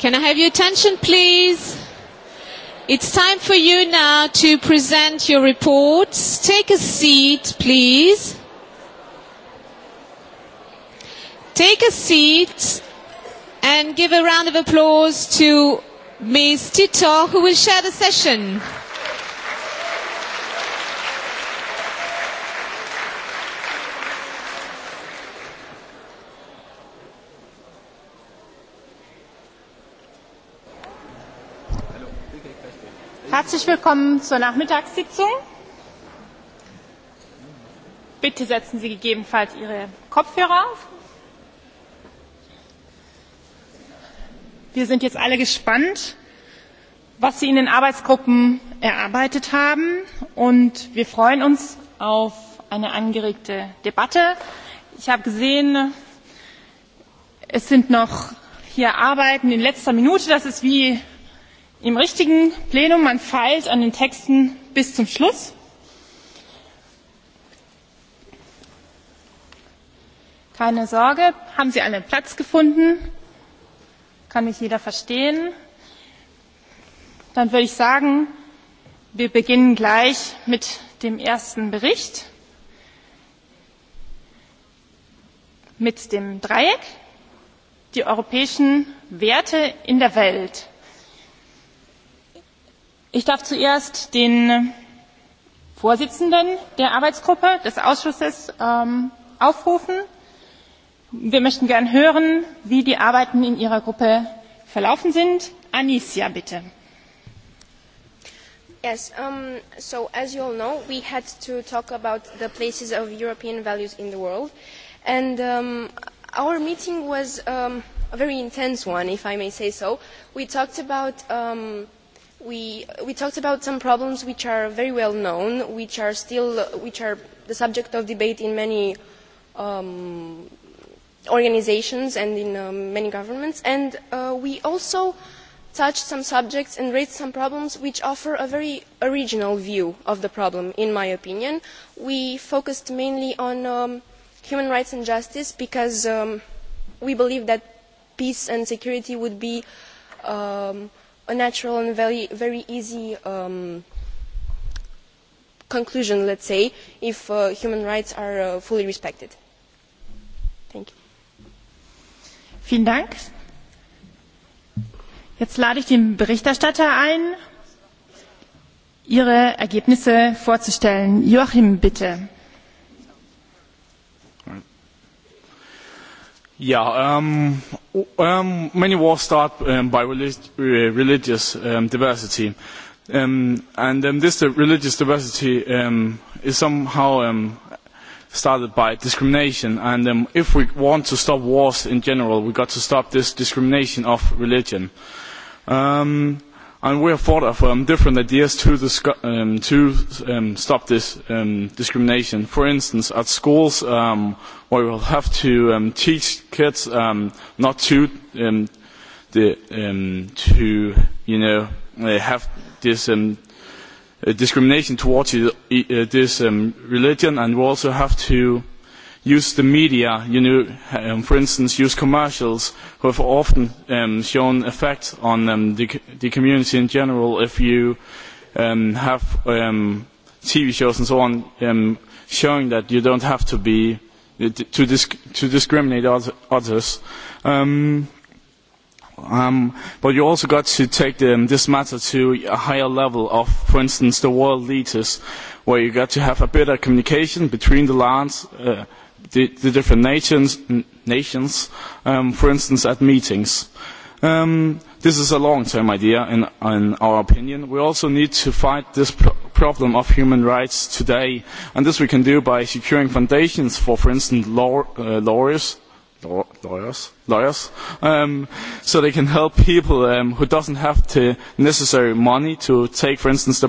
Can I have your attention, please? It's time for you now to present your reports. Take a seat, please. Take a seat and give a round of applause to Ms. Tito, who will share the session. Herzlich willkommen zur Nachmittagssitzung. Bitte setzen Sie gegebenenfalls Ihre Kopfhörer auf. Wir sind jetzt alle gespannt, was Sie in den Arbeitsgruppen erarbeitet haben. Und wir freuen uns auf eine angeregte Debatte. Ich habe gesehen, es sind noch hier Arbeiten in letzter Minute. Das ist wie im richtigen plenum man feilt an den texten bis zum schluss keine sorge haben sie einen platz gefunden kann mich jeder verstehen dann würde ich sagen wir beginnen gleich mit dem ersten bericht mit dem dreieck die europäischen werte in der welt ich darf zuerst den vorsitzenden der arbeitsgruppe des ausschusses aufrufen. wir möchten gern hören wie die arbeiten in ihrer gruppe verlaufen sind. Anisia, bitte. Yes, so as you all know, we had to talk about the places of European values in the world, and our meeting was a very intense one, if I may say so. We talked about we talked about some problems which are very well known which are still which are the subject of debate in many organisations and in many governments and we also touched some subjects and raised some problems which offer a very original view of the problem in my opinion. we focused mainly on human rights and justice because we believe that peace and security would be a natural and very very easy conclusion let's say if human rights are fully respected thank you vielen dank jetzt lade ich den berichterstatter ein ihre ergebnisse vorzustellen joachim bitte Yeah, many wars start by religious diversity, and this religious diversity is somehow started by discrimination. And if we want to stop wars in general, we got to stop this discrimination of religion and we have thought of different ideas to stop this discrimination. For instance, at schools, we will have to teach kids not to have this discrimination towards this religion, and we also have to use the media, for instance, use commercials, who have often shown effect on the community in general. If you have TV shows and so on showing that you don't have to be to discriminate others, but you also got to take this matter to a higher level of, for instance, the world leaders, where you got to have a better communication between the lands the different nations, for instance, at meetings. This is a long-term idea, in our opinion. We also need to fight this problem of human rights today, and this we can do by securing foundations for, for instance, lawyers, lawyers, so they can help people who doesn't have the necessary money to take, for instance, the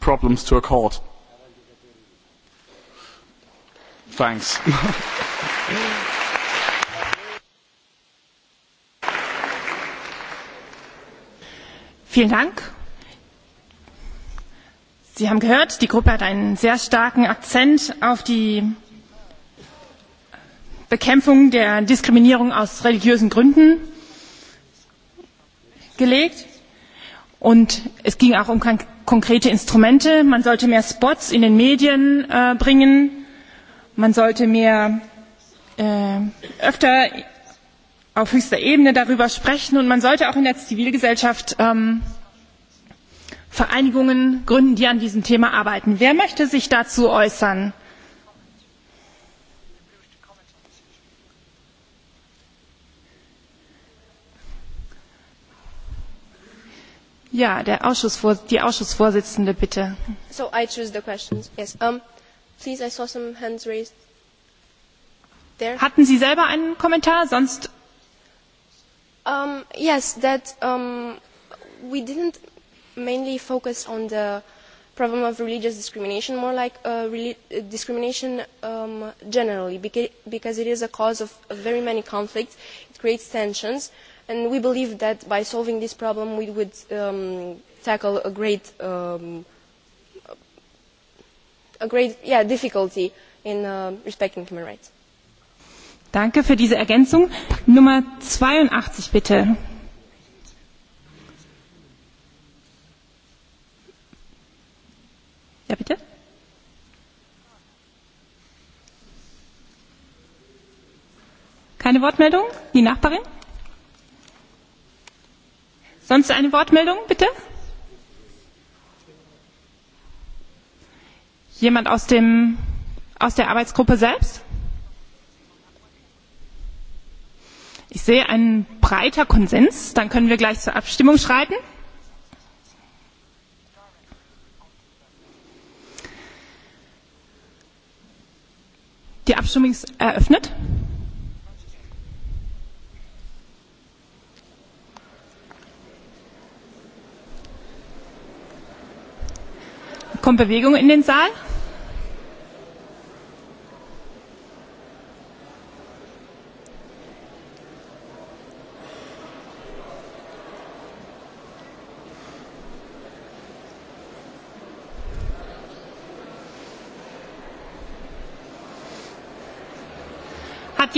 problems to a court. Thanks. Vielen Dank. Sie haben gehört, die Gruppe hat einen sehr starken Akzent auf die Bekämpfung der Diskriminierung aus religiösen Gründen gelegt. Und es ging auch um konkrete Instrumente. Man sollte mehr Spots in den Medien bringen man sollte mehr öfter auf höchster Ebene darüber sprechen und man sollte auch in der Zivilgesellschaft Vereinigungen gründen, die an diesem Thema arbeiten. Wer möchte sich dazu äußern? Ja, der Ausschussvor die Ausschussvorsitzende bitte. So I choose the questions. Yes. Please, I saw some hands raised. Hatten Sie selber einen Kommentar? Sonst. Um, yes, that um, we didn't mainly focus on the problem of religious discrimination, more like discrimination generally, because it is a cause of very many conflicts. It creates tensions, and we believe that by solving this problem, we would tackle a great a great yeah, difficulty in respecting human rights. Danke für diese Ergänzung. Nummer 82 bitte. Ja, bitte. Keine Wortmeldung? Die Nachbarin? Sonst eine Wortmeldung, bitte? Jemand aus der Arbeitsgruppe selbst? Ich sehe einen breiter Konsens. Dann können wir gleich zur Abstimmung schreiten. Die Abstimmung ist eröffnet. Kommt Bewegung in den Saal?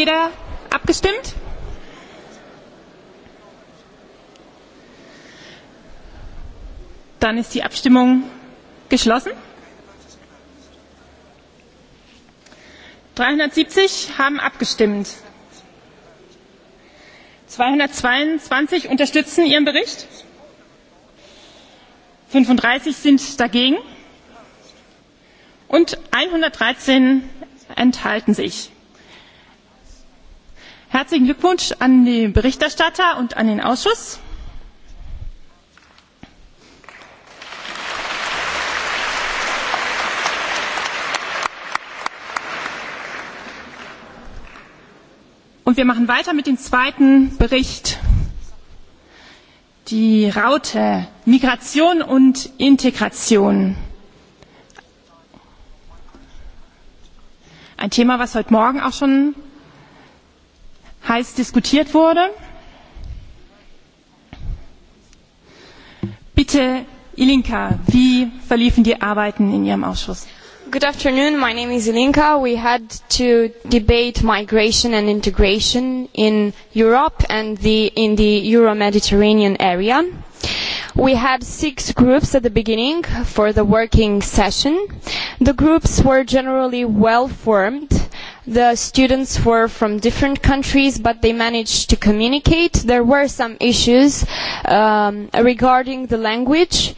jeder abgestimmt? Dann ist die Abstimmung geschlossen. 370 haben abgestimmt. 222 unterstützen Ihren Bericht. 35 sind dagegen. Und 113 enthalten sich herzlichen glückwunsch an die berichterstatter und an den ausschuss. wir machen weiter mit dem zweiten Bericht. Die Raute Migration und Integration. Ein Thema, das heute Morgen auch schon heiß diskutiert wurde. Bitte, Ilinka, wie verliefen die Arbeiten in Ihrem Ausschuss? Good afternoon, my name is Ilinka. We had to debate migration and integration in Europe and the, in the Euro-Mediterranean area. We had six groups at the beginning for the working session. The groups were generally well formed The students were from different countries, but they managed to communicate. There were some issues regarding the language.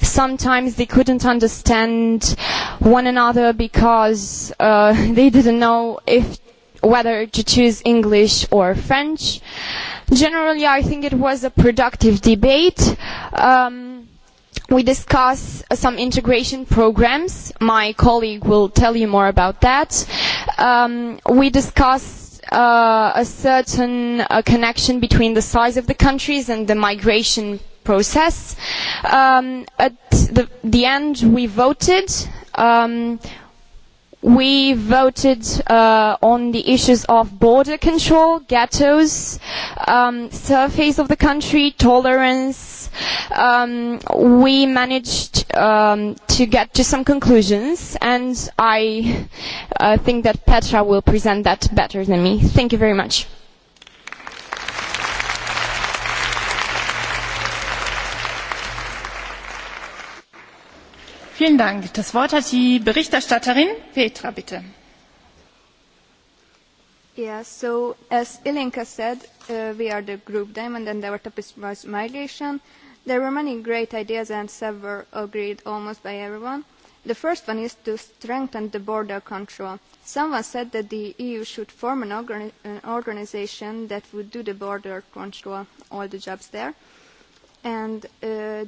Sometimes they couldn't understand one another because they didn't know if whether to choose English or French. Generally, I think it was a productive debate. We discuss some integration programs. My colleague will tell you more about that. We discuss a certain connection between the size of the countries and the migration process. At the end, we voted We voted on the issues of border control, ghettos, surface of the country, tolerance. We managed to get to some conclusions, and I think that Petra will present that better than me. Thank you very much. Vielen Dank. Das Wort hat die Berichterstatterin Petra, bitte. so as Ilinka said, we are the group Diamond and our topic was migration. There were many great ideas and several agreed almost by everyone. The first one is to strengthen the border control. Someone said that the EU should form an organisation that would do the border control, all the jobs there and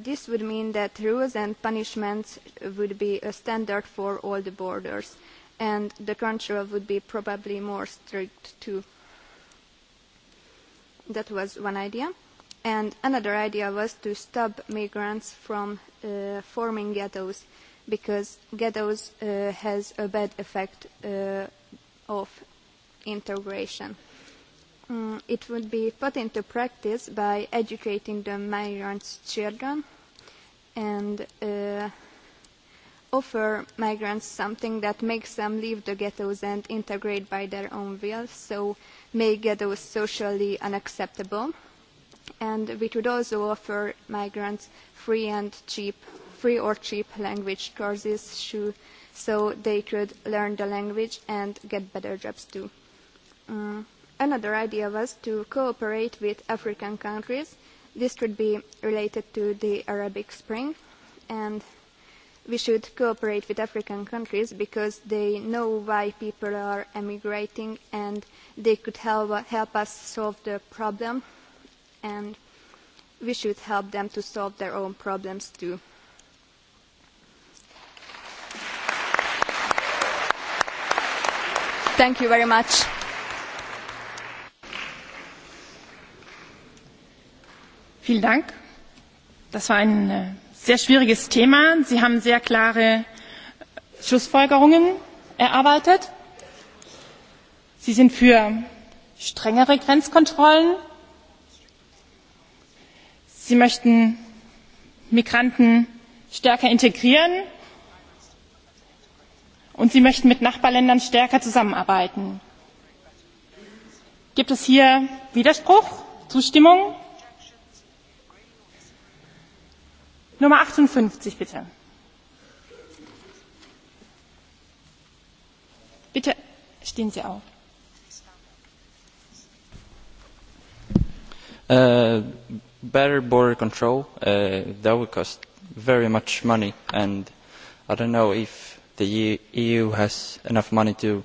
this would mean that rules and punishments would be a standard for all the borders and the control would be probably more strict too. That was one idea. And another idea was to stop migrants from forming ghettos because ghettos has a bad effect of integration it would be put into practice by educating the migrants' children and offer migrants something that makes them leave the ghettos and integrate by their own will, so make ghettos socially unacceptable. And we could also offer migrants free and cheap, free or cheap language courses so they could learn the language and get better jobs too. Another idea was to cooperate with African countries. This could be related to the Arabic Spring, and we should cooperate with African countries because they know why people are emigrating and they could help us solve the problem, and we should help them to solve their own problems too. Thank you very much. Vielen Dank. Das war ein sehr schwieriges Thema. Sie haben sehr klare Schlussfolgerungen erarbeitet. Sie sind für strengere Grenzkontrollen. Sie möchten Migranten stärker integrieren. Und Sie möchten mit Nachbarländern stärker zusammenarbeiten. Gibt es hier Widerspruch? Zustimmung? nummer 58 bitte bitte stehen sie better border control that would cost very much money and i don't know if the eu has enough money to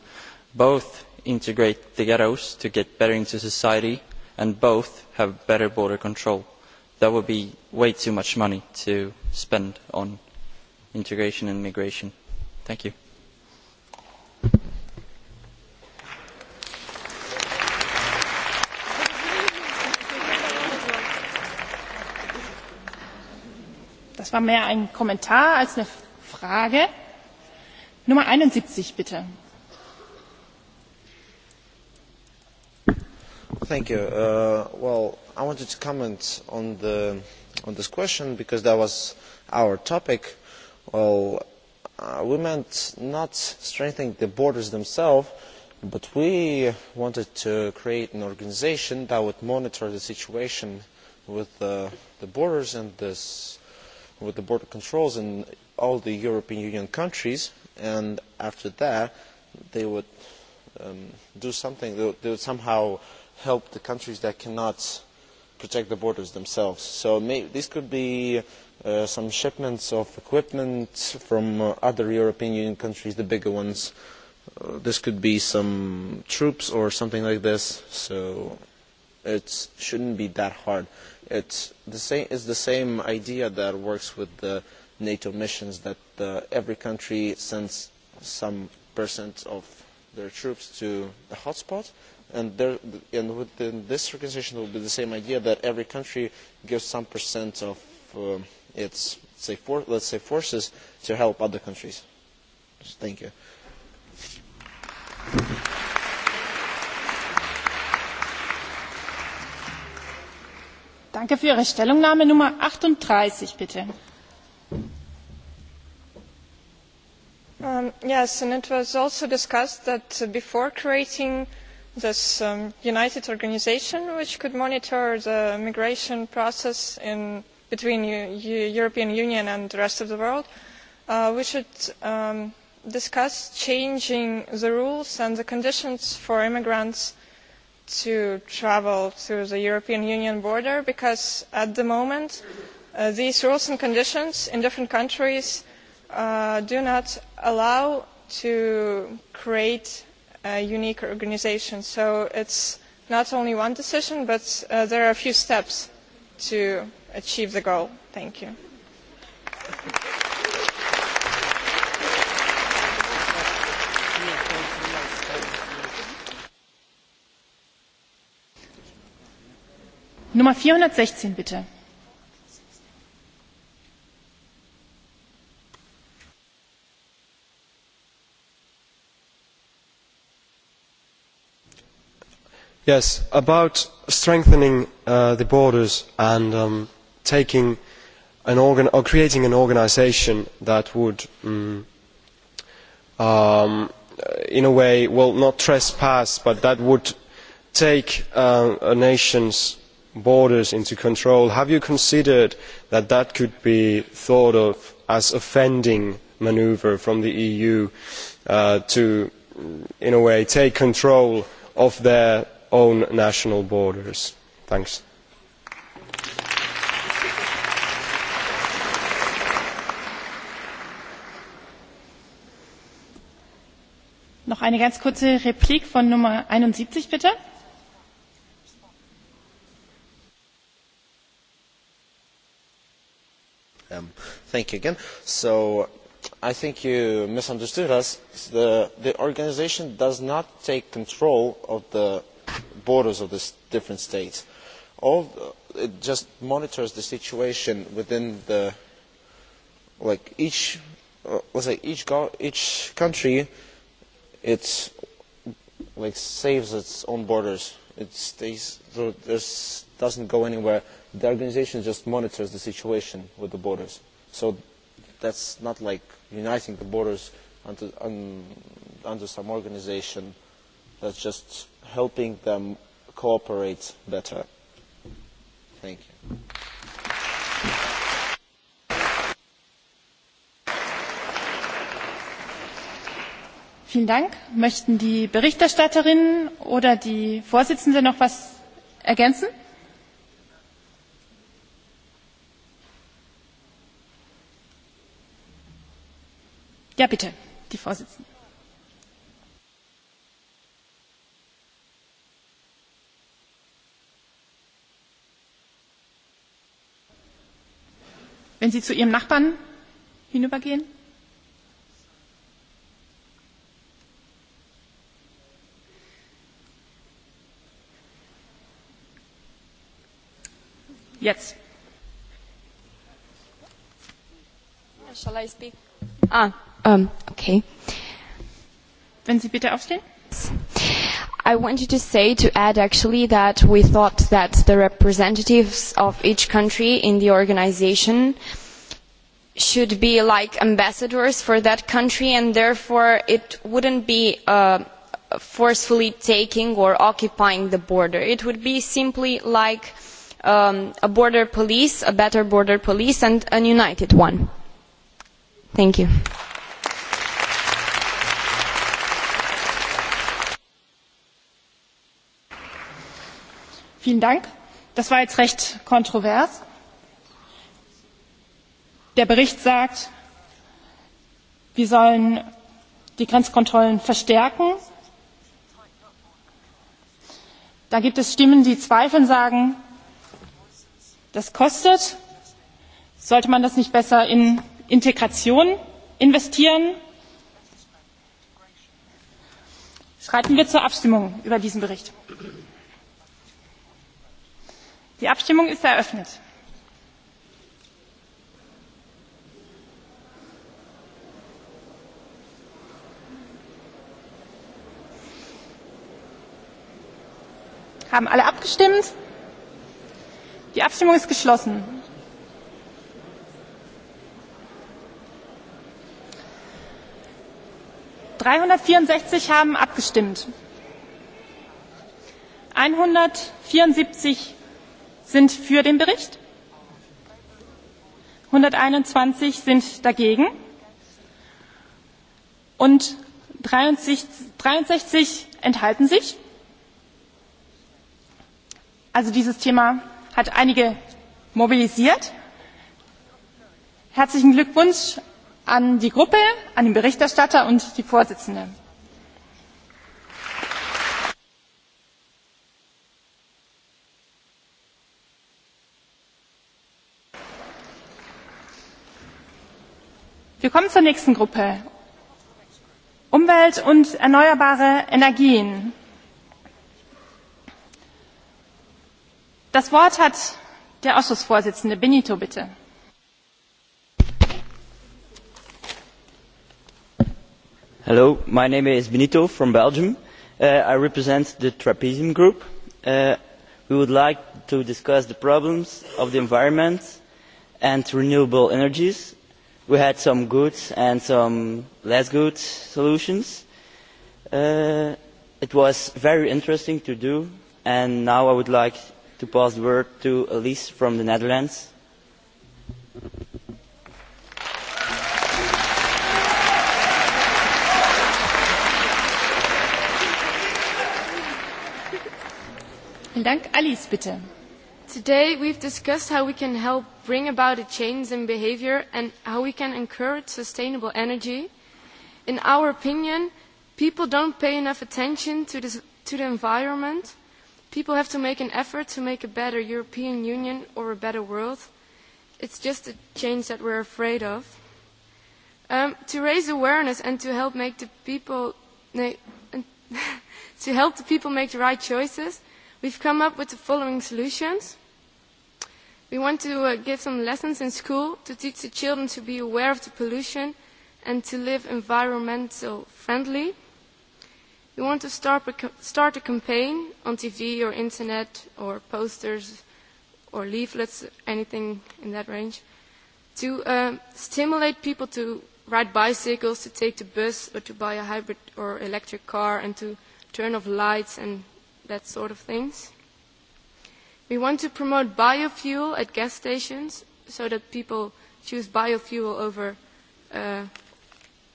both integrate the ghettos to get better into society and both have better border control that would be way too much money to spend on integration and migration. Thank you. Das war mehr ein Kommentar als eine Frage. Nummer 71, bitte. Thank you. well, I wanted to comment on this question because that was our topic. we meant not strengthening the borders themselves, but we wanted to create an organisation that would monitor the situation with the borders and with the border controls in all the European Union countries, and after that they would do something. They would somehow help the countries that cannot protect the borders themselves. So this could be some shipments of equipment from other European Union countries, the bigger ones. This could be some troops or something like this. So it shouldn't be that hard. It's the same. It's the same idea that works with the NATO missions that every country sends some percent of their troops to the hotspot and within this organisation it will be the same idea that every country gives some percent of its let's say forces to help other countries. Thank you. Danke für Ihre Stellungnahme Nummer 38 bitte. Yes, and it was also discussed that before creating this united organisation which could monitor the migration process between the european union and the rest of the world we should discuss changing the rules and the conditions for immigrants to travel through the european union border because at the moment these rules and conditions in different countries do not allow to create unique organisation. So it's not only one decision, but there are a few steps to achieve the goal. Thank you. Nummer 416, bitte. Yes, about strengthening the borders and creating an organisation that would, in a way, well not trespass, but that would take a nation's borders into control. Have you considered that that could be thought of as a fending manoeuvre from the EU to, in a way, take control of their own national borders. Thanks. Noch eine ganz kurze Replik von Nummer 71, bitte. Thank you again. So I think you misunderstood us. The organization does not take control of the borders of the different states. It just monitors the situation within the, like each, let's say each each country, it's like saves its own borders. It stays, doesn't go anywhere. The organization just monitors the situation with the borders. So that's not like uniting the borders under under some organization that's just helping them cooperate better. Thank you. Vielen Dank. Möchten die Berichterstatterinnen oder die Vorsitzende noch was ergänzen? Ja, bitte, die Vorsitzende. wenn Sie zu Ihrem Nachbarn hinübergehen? Jetzt. Shall I speak? Ah, um, okay. Wenn Sie bitte aufstehen. I wanted to say, to add actually, that we thought that the representatives of each country in the organisation should be like ambassadors for that country and therefore it wouldn't be forcefully taking or occupying the border. It would be simply like a border police, a better border police and a united one. Thank you. Vielen Dank. Das war jetzt recht kontrovers. Der Bericht sagt, wir sollen die Grenzkontrollen verstärken. Da gibt es Stimmen, die zweifeln, sagen, das kostet. Sollte man das nicht besser in Integration investieren? Schreiten wir zur Abstimmung über diesen Bericht. Die Abstimmung ist eröffnet. Haben alle abgestimmt? Die Abstimmung ist geschlossen. Dreihundertvierundsechzig haben abgestimmt. 174 sind für den Bericht, 121 sind dagegen und 63 enthalten sich. Also dieses Thema hat einige mobilisiert. Herzlichen Glückwunsch an die Gruppe, an den Berichterstatter und die Vorsitzende. wir kommen zur nächsten gruppe umwelt und erneuerbare energien. das wort hat der ausschussvorsitzende benito bitte. hello my name is benito from belgium. i represent the trapezium group. we would like to discuss the problems of the environment and renewable energies we had some good and some less good solutions. It was very interesting to do, and now I would like to pass the word to Elise from the Netherlands. bitte. Today we've discussed how we can help bring about a change in behaviour and how we can encourage sustainable energy. In our opinion, people don't pay enough attention to the environment. People have to make an effort to make a better European Union or a better world. It's just a change that we're afraid of. To raise awareness and to help make the people to help the people make the right choices, we've come up with the following solutions. We want to give some lessons in school to teach the children to be aware of the pollution and to live environmental friendly. We want to start a campaign on TV or internet or posters or leaflets, anything in that range, to stimulate people to ride bicycles, to take the bus or to buy a hybrid or electric car and to turn off lights and that sort of things. We want to promote biofuel at gas stations so that people choose biofuel over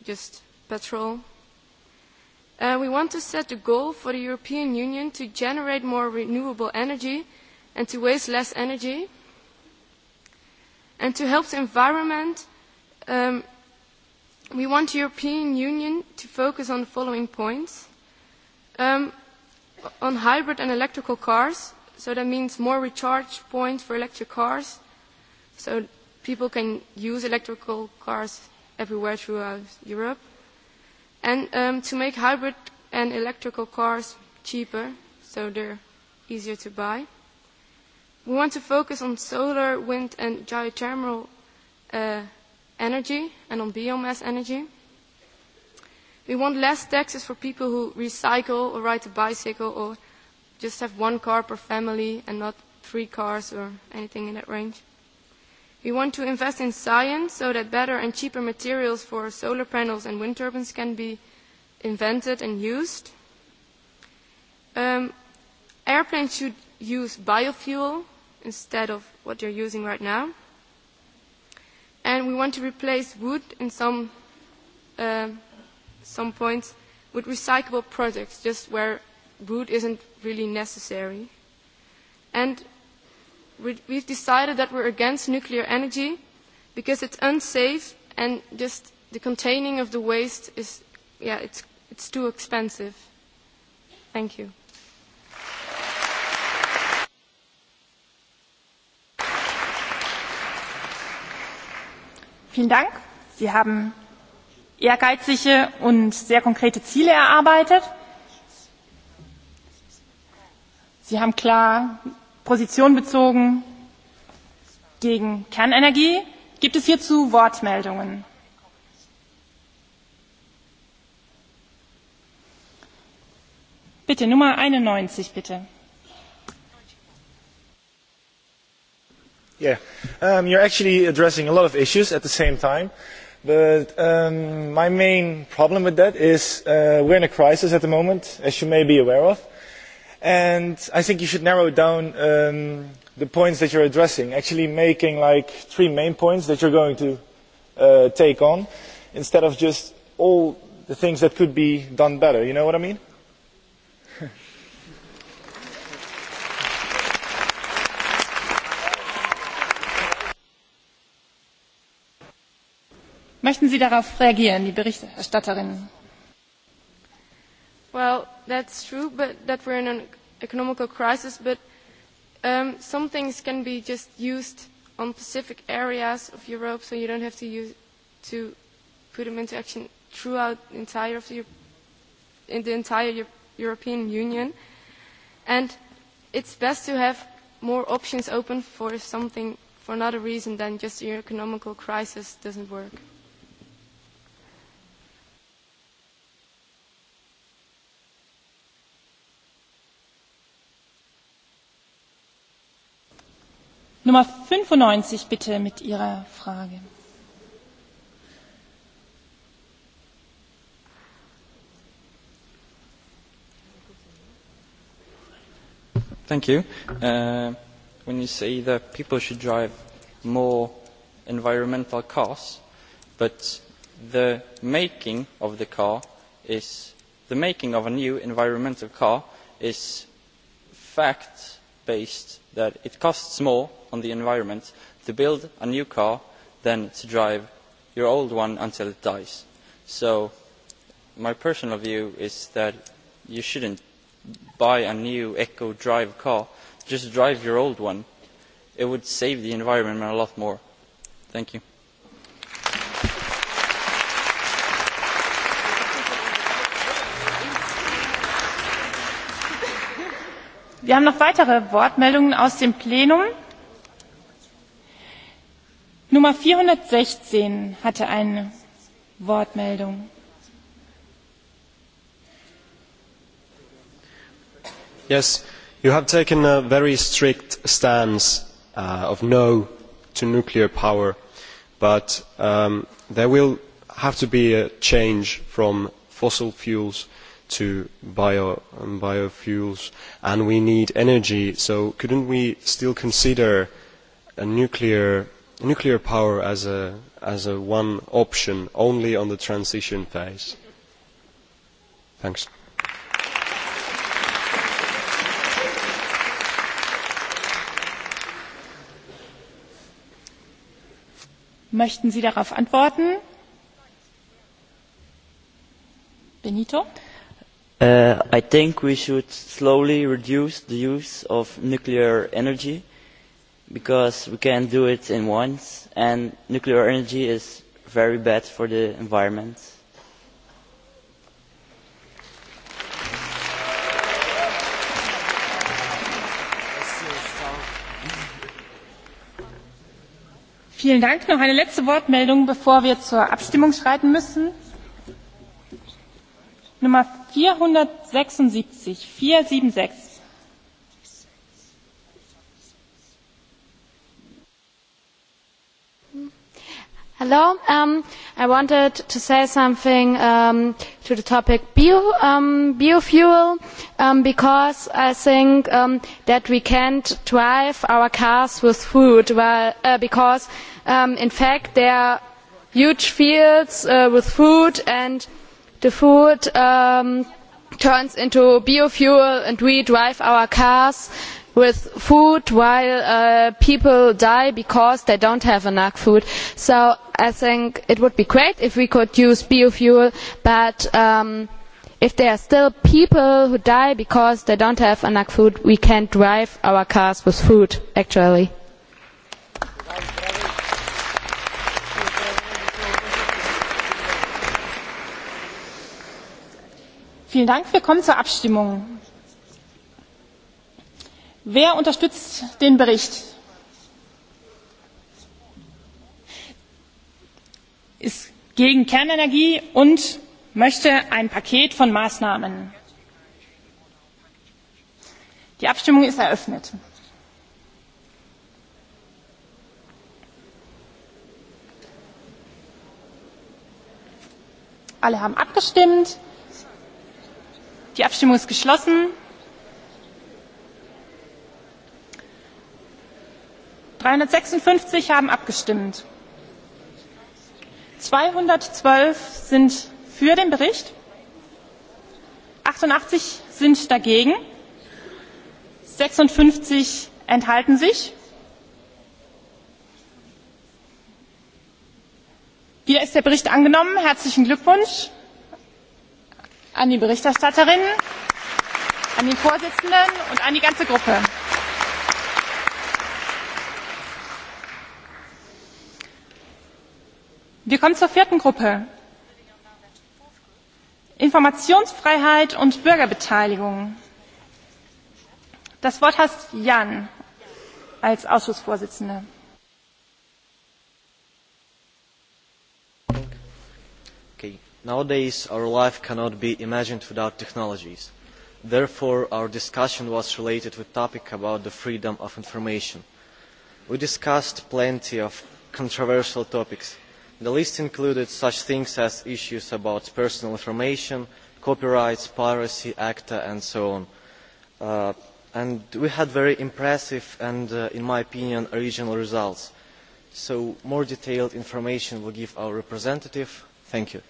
just petrol. We want to set a goal for the European Union to generate more renewable energy and to waste less energy. And to help the environment, we want the European Union to focus on the following points. On hybrid and electrical cars, so that means more recharge points for electric cars, so people can use electrical cars everywhere throughout Europe, and to make hybrid and electrical cars cheaper, so they're easier to buy. We want to focus on solar, wind, and geothermal energy and on biomass energy. We want less taxes for people who recycle or ride a bicycle or just have one car per family and not three cars or anything in that range. We want to invest in science so that better and cheaper materials for solar panels and wind turbines can be invented and used. Airplanes should use biofuel instead of what they're using right now. And we want to replace wood in some some points with recyclable products, just where route isn't really necessary. And we've decided that we're against nuclear energy because it's unsafe and just the containing of the waste is, yeah, it's, it's too expensive. Thank you. Vielen Dank. Sie haben ehrgeizige und sehr konkrete Ziele erarbeitet Sie haben klar Position bezogen gegen Kernenergie. Gibt es hierzu Wortmeldungen? Bitte, Nummer 91, bitte. Yeah, um, you're actually addressing a lot of issues at the same time. But um, my main problem with that is uh, we're in a crisis at the moment, as you may be aware of and i think you should narrow down the points that you are addressing actually making like three main points that you are going to take on instead of just all the things that could be done better you know what i mean möchten sie darauf reagieren die berichterstatterin Well, that's true, but that we're in an economical crisis. But some things can be just used on specific areas of Europe, so you don't have to use to put them into action throughout the entire of the, in the entire European Union. And it's best to have more options open for something for another reason than just your economical crisis doesn't work. Nummer 95 bitte mit Ihrer Frage. Thank you. When you say that people should drive more environmental cars, but the making of the car is the making of a new environmental car is fact based that it costs more on the environment to build a new car than to drive your old one until it dies. So my personal view is that you shouldn't buy a new eco drive car. Just drive your old one. It would save the environment a lot more. Thank you. Wir haben noch weitere Wortmeldungen aus dem Plenum. Nummer 416 hatte eine Wortmeldung. Yes, you have taken a very strict stance of no to nuclear power, but there will have to be a change from fossil fuels to biofuels and we need energy so couldn't we still consider nuclear nuclear power as a as a one option only on the transition phase thanks möchten sie darauf antworten benito I think we should slowly reduce the use of nuclear energy because we can't do it in once and nuclear energy is very bad for the environment. Vielen Dank. Noch eine letzte Wortmeldung, bevor wir zur Abstimmung schreiten müssen Nummer 476, 476. Hello, um, I wanted to say something um, to the topic bio, um, biofuel um, because I think um, that we can't drive our cars with food well, uh, because um, in fact there are huge fields uh, with food and the food turns into biofuel and we drive our cars with food while people die because they don't have enough food. So I think it would be great if we could use biofuel, but if there are still people who die because they don't have enough food, we can't drive our cars with food, actually. Vielen Dank. Wir kommen zur Abstimmung. Wer unterstützt den Bericht? Ist gegen Kernenergie und möchte ein Paket von Maßnahmen. Die Abstimmung ist eröffnet. Alle haben abgestimmt. Die Abstimmung ist geschlossen. 356 haben abgestimmt. 212 sind für den Bericht, 88 sind dagegen, 56 enthalten sich. Hier ist der Bericht angenommen. Herzlichen Glückwunsch an die Berichterstatterin, an den Vorsitzenden und an die ganze Gruppe. Wir kommen zur vierten Gruppe. Informationsfreiheit und Bürgerbeteiligung. Das Wort hat Jan als Ausschussvorsitzender. Nowadays, our life cannot be imagined without technologies. Therefore, our discussion was related with topic about the freedom of information. We discussed plenty of controversial topics. The list included such things as issues about personal information, copyrights, piracy, ACTA, and so on. And we had very impressive and, in my opinion, original results. So more detailed information will give our representative. Thank you.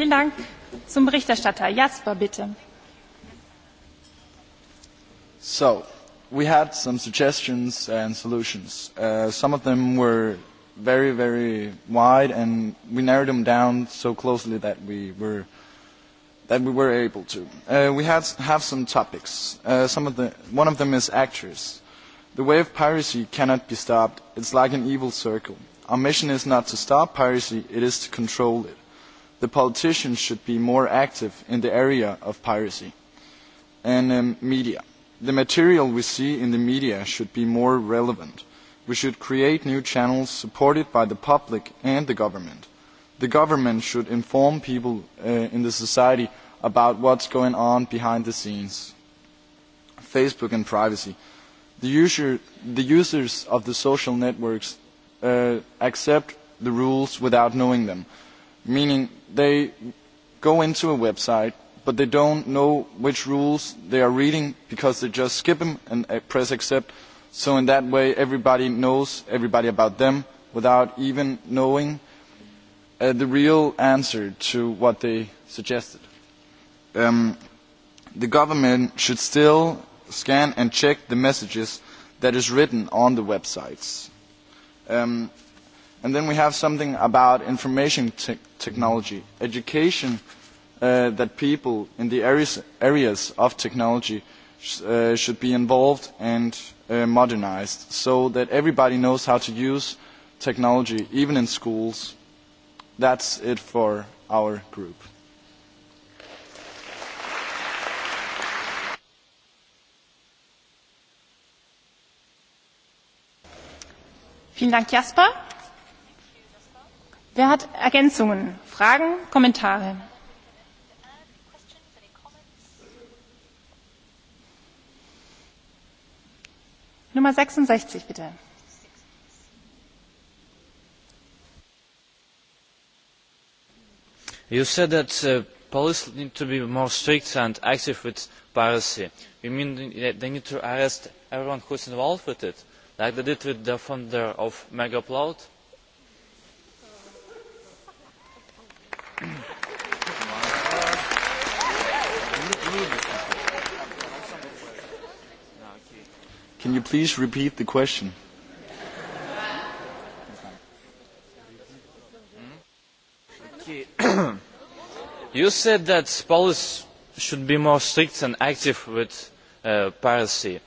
Vielen Dank zum bitte. So, we had some suggestions and solutions. Some of them were very, very wide, and we narrowed them down so closely that we were that we were able to. We had have some topics. Some of the one of them is actors. The way of piracy cannot be stopped. It's like an evil circle. Our mission is not to stop piracy; it is to control it the politicians should be more active in the area of piracy and media. The material we see in the media should be more relevant. We should create new channels supported by the public and the government. The government should inform people in the society about what is going on behind the scenes. Facebook and privacy. The users of the social networks accept the rules without knowing them meaning they go into a website, but they don't know which rules they are reading because they just skip them and press accept. So in that way, everybody knows everybody about them without even knowing the real answer to what they suggested. The government should still scan and check the messages that is written on the websites. And then we have something about information technology, education that people in the areas of technology should be involved and modernized so that everybody knows how to use technology, even in schools. That's it for our group. Wer hat Ergänzungen, Fragen, Kommentare? Nummer 66, bitte. You said that police need to be more strict and active with piracy. You mean they need to arrest everyone who is involved with it, like they did with the founder of Megaplot? Can you please repeat the question? You said that police should be more strict and active with piracy.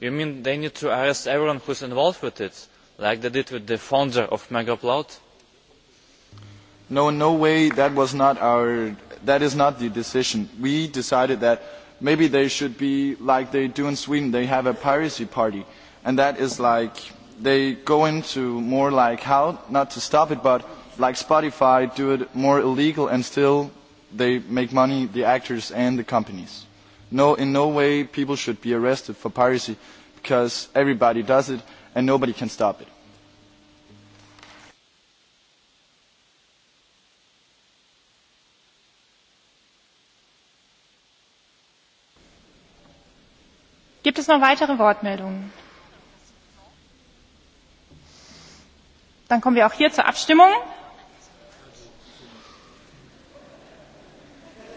You mean they need to arrest everyone who is involved with it, like they did with the founder of Megaplot? no, in no way, that was not our, that is not the decision. We decided that maybe they should be like they do in Sweden, they have a piracy party. And that is like, they go into more like how, not to stop it, but like Spotify, do it more illegal and still they make money, the actors and the companies. No, in no way people should be arrested for piracy because everybody does it and nobody can stop it. Gibt es noch weitere Wortmeldungen? Dann kommen wir auch hier zur Abstimmung.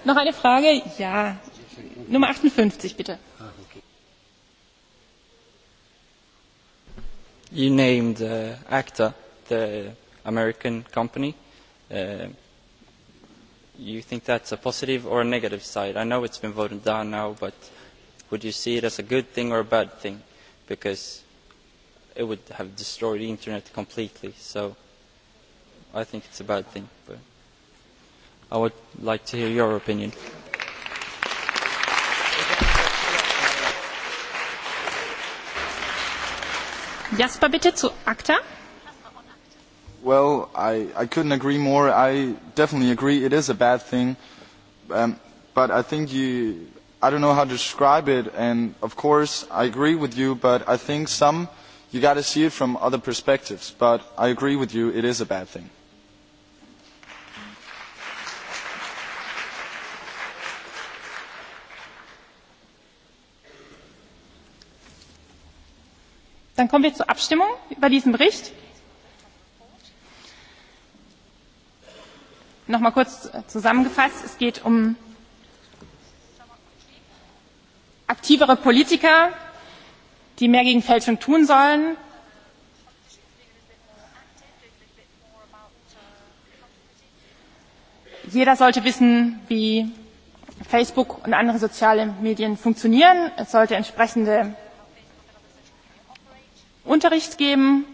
Noch eine Frage? Ja. Nummer 58, bitte. You named the ACTA, the American company. Uh, you think that's a positive or a negative side? I know it's been voted down now, but would you see it as a good thing or a bad thing? Because it would have destroyed the internet completely. So I think it's a bad thing. But I would like to hear your opinion. Jasper, bitte zu ACTA. Well, I, I couldn't agree more. I definitely agree it is a bad thing. Um, but I think you, I don't know how to describe it, and of course I agree with you, but I think some you got to see it from other perspectives. But I agree with you, it is a bad thing. Dann kommen wir zur Abstimmung über diesen Bericht. Nochmal kurz zusammengefasst, es geht um aktivere Politiker, die mehr gegen Fälschung tun sollen. Jeder sollte wissen, wie Facebook und andere soziale Medien funktionieren. Es sollte entsprechende Unterricht geben.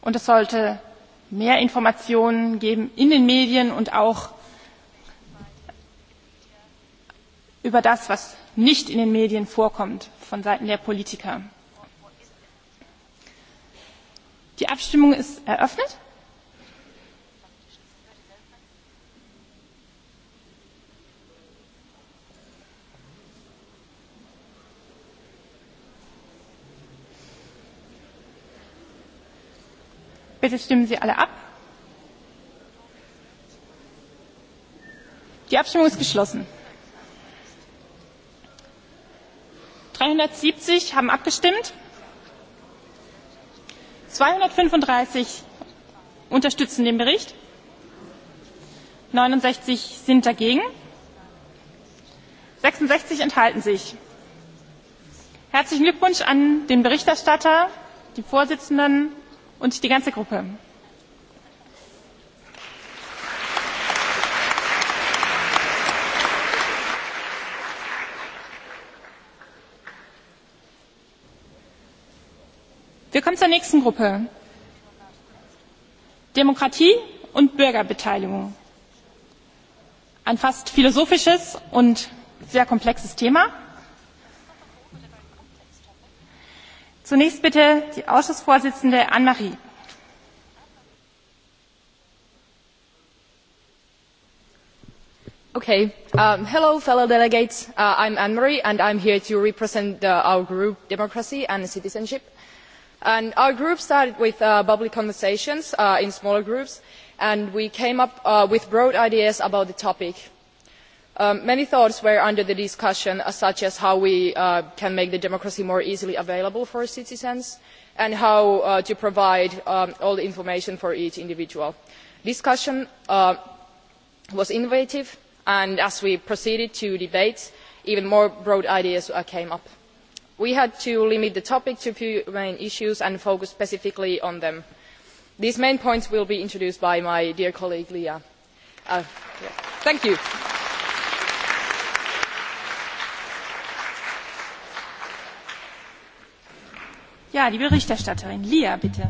Und es sollte mehr Informationen geben in den Medien und auch über das, was nicht in den Medien vorkommt von Seiten der Politiker. Die Abstimmung ist eröffnet. Bitte stimmen Sie alle ab. Die Abstimmung ist geschlossen. dreihundertsiebzig haben abgestimmt zweihundertfünfunddreißig unterstützen den bericht neunundsechzig sind dagegen sechsundsechzig enthalten sich. herzlichen glückwunsch an den berichterstatter die vorsitzenden und die ganze gruppe! kommen zur nächsten Gruppe. Demokratie und Bürgerbeteiligung. Ein fast philosophisches und sehr komplexes Thema. Zunächst bitte die Ausschussvorsitzende Anne-Marie. Okay. Hello, fellow delegates. I'm Anne-Marie and I'm here to represent our group Democracy and Citizenship Our group started with public conversations in smaller groups and we came up with broad ideas about the topic. Many thoughts were under the discussion, such as how we can make the democracy more easily available for citizens and how to provide all the information for each individual. Discussion was innovative and as we proceeded to debate, even more broad ideas came up we had to limit the topic to a few main issues and focus specifically on them. these main points will be introduced by my dear colleague Leah. thank you. Ja, die Berichterstatterin Lia, bitte.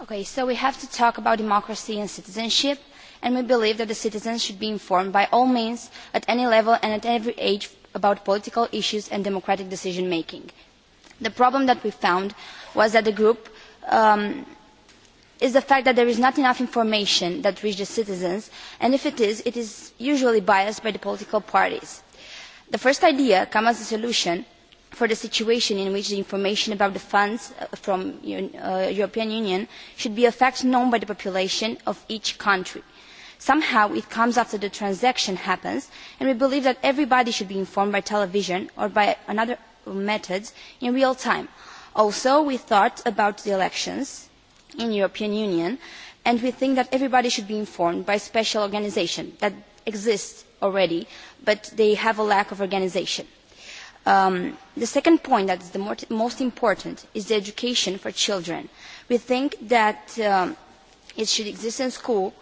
Okay, so we have to talk about democracy and citizenship, and we believe that the citizens should be informed by all means, at any level and at every age about political issues and democratic decision making. The problem that we found was that the group is the fact that there is not enough information that reaches citizens, and if it is, it is usually biased by the political parties. The first idea comes as a solution for the situation in which the information about the funds from the European Union should be a fact known by the population of each country. Somehow it comes after the transaction happens, and we believe that everybody should be informed by television or by another methods in real time. Also, we thought about the elections in the European Union, and we think that everybody should be informed by special organisation that exist already, but they have a lack of organisation. The second point that is the most important is the education for children. We think that it should exist in school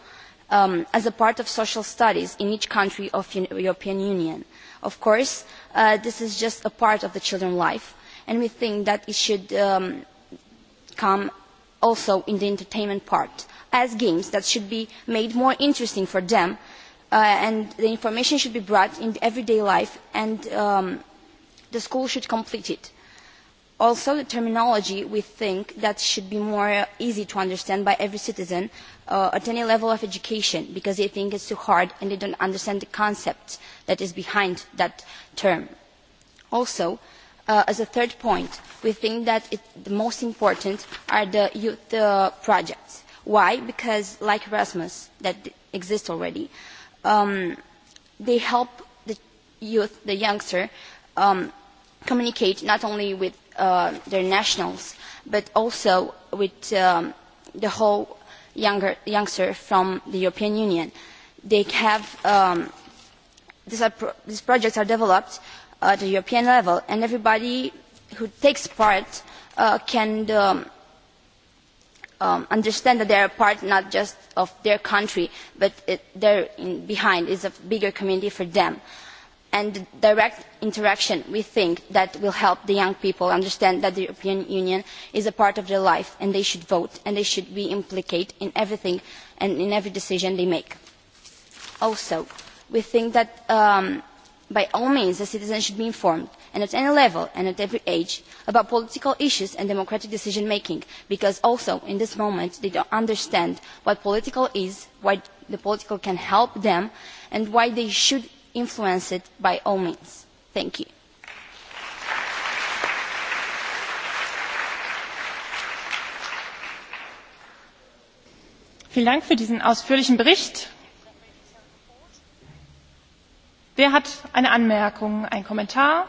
as a part of social studies in each country of the European Union. Of course, this is just a part of the children's life, and we think that it should come also in the entertainment part, as games that should be made more interesting for them, and the information should be brought into everyday life, and the school should complete it also the terminology we think that should be more easy to understand by every citizen at any level of education because they think it's too hard and they don't understand the concept that is behind that term. Also, as a third point, we think that the most important are the youth projects. Why? Because like Erasmus, that exists already, they help the youth, the youngster, communicate not only with their nationals, but also with the whole youngster from the European Union. They have these projects are developed at the European level, and everybody who takes part can understand that they are part not just of their country, but are behind is a bigger community for them and direct interaction we think that will help the young people understand that the european union is a part of their life and they should vote and they should be implicated in everything and in every decision they make. also we think that by all means the citizens should be informed and at any level and at every age about political issues and democratic decision making because also in this moment they don't understand what political is why the political can help them and why they should influence it by all means. Thank you. Vielen Dank für diesen ausführlichen Bericht. Wer hat eine Anmerkung, einen Kommentar?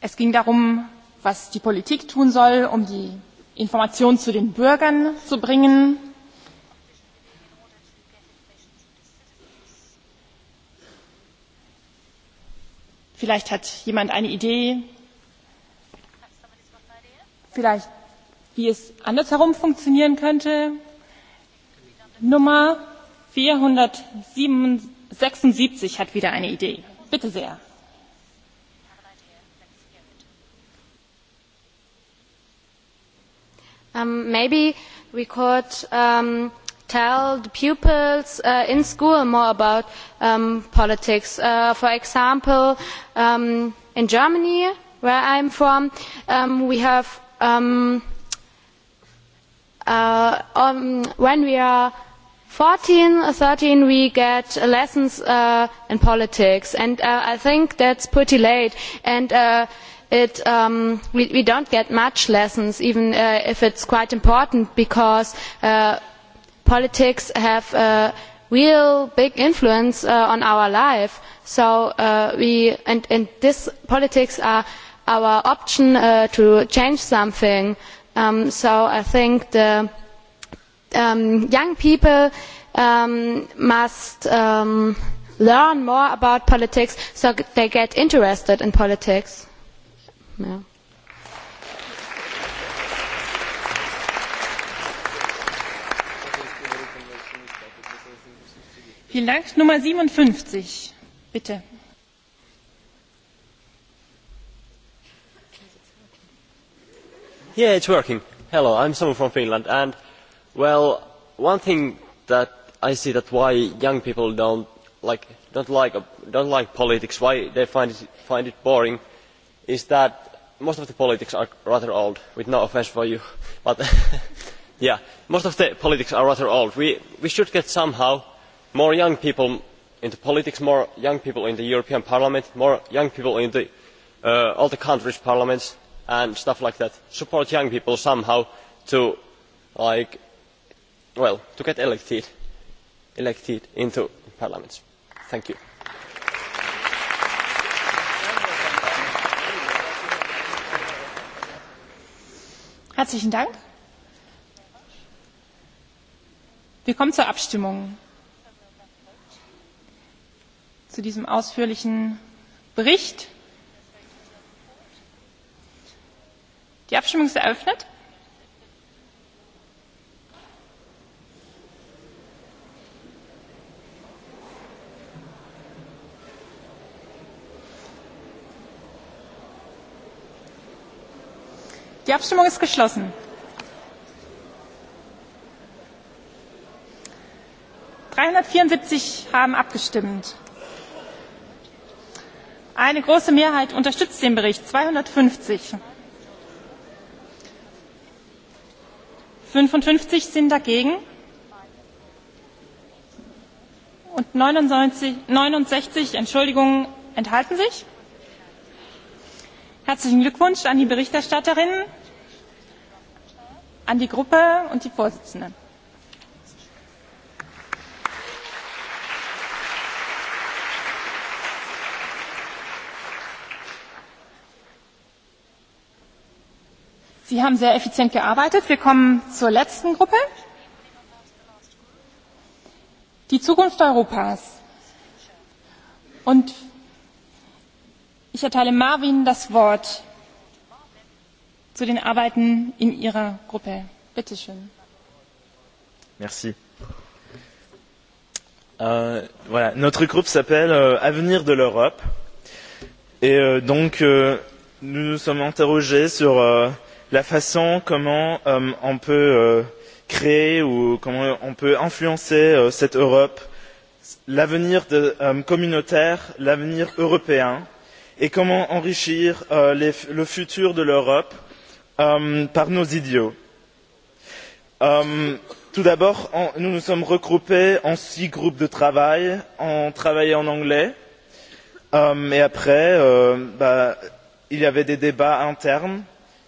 Es ging darum, was die Politik tun soll, um die Informationen zu den Bürgern zu bringen Vielleicht hat jemand eine Idee, vielleicht wie es andersherum funktionieren könnte. Nummer 476 hat wieder eine Idee. Bitte sehr. Maybe we could tell the pupils in school more about politics. For example, in Germany, where I am from, we have when we are 14 or 13, we get lessons in politics, and I think that's pretty late. And we don't get much lessons, even if it's quite important, because politics have a real big influence on our life. So we and this politics are our option to change something. So I think the young people must learn more about politics so they get interested in politics. Vielen Nummer 57, bitte. Yeah, it's working. Hello, I'm someone from Finland. And, well, one thing that I see that why young people don't like, don't like, don't like politics, why they find it, find it boring, is that most of the politics are rather old, with no offense for you. But, yeah, most of the politics are rather old. We, we should get somehow more young people into politics more young people in the european parliament more young people in all the countries' parliaments and stuff like that support young people somehow to to get elected into parliaments. thank you zu diesem ausführlichen Bericht. Die Abstimmung ist eröffnet. Die Abstimmung ist geschlossen. 374 haben abgestimmt eine große mehrheit unterstützt den bericht 250 55 sind dagegen und neunundsechzig entschuldigungen enthalten sich. herzlichen glückwunsch an die berichterstatterin an die gruppe und die vorsitzende. Sie haben sehr effizient gearbeitet. Wir kommen zur letzten Gruppe. Die Zukunft Europas. Und ich erteile Marvin das Wort zu den Arbeiten in Ihrer Gruppe. Bitte schön. Merci. Euh, voilà, notre groupe s'appelle Avenir de l'Europe. Et euh, donc, nous nous sommes interrogés sur la façon comment on peut créer ou comment on peut influencer cette Europe, l'avenir communautaire, l'avenir européen et comment enrichir le futur de l'Europe par nos idiots. Tout d'abord, nous nous sommes regroupés en six groupes de travail, on travaillait en anglais et après il y avait des débats internes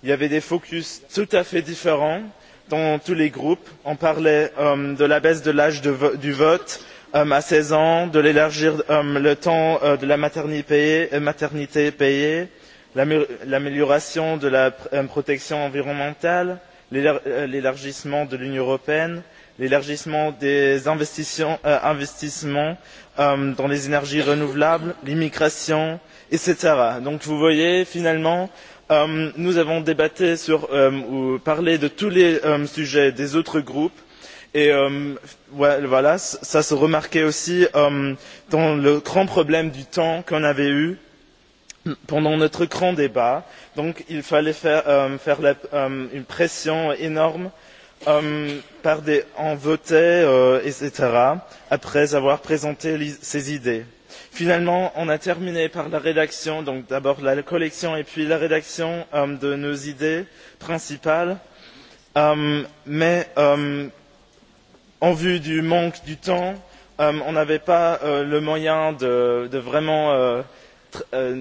il y avait des focus tout à fait différents dans tous les groupes on parlait de la baisse de l'âge du vote à seize ans de l'élargir le temps de la maternité payée l'amélioration de la protection environnementale l'élargissement de l'union européenne l'élargissement des investissements dans les énergies renouvelables l'immigration etc. donc vous voyez finalement nous avons débattu sur ou parlé de tous les sujets des autres groupes et cela se remarquait aussi dans le grand problème du temps qu'on avait eu pendant notre grand débat donc il fallait faire une pression énorme en voter etc. après avoir présenté ses idées. Finalement, on a terminé par la rédaction, donc d'abord la collection et puis la rédaction de nos idées principales. Mais en vue du manque du temps, on n'avait pas le moyen de vraiment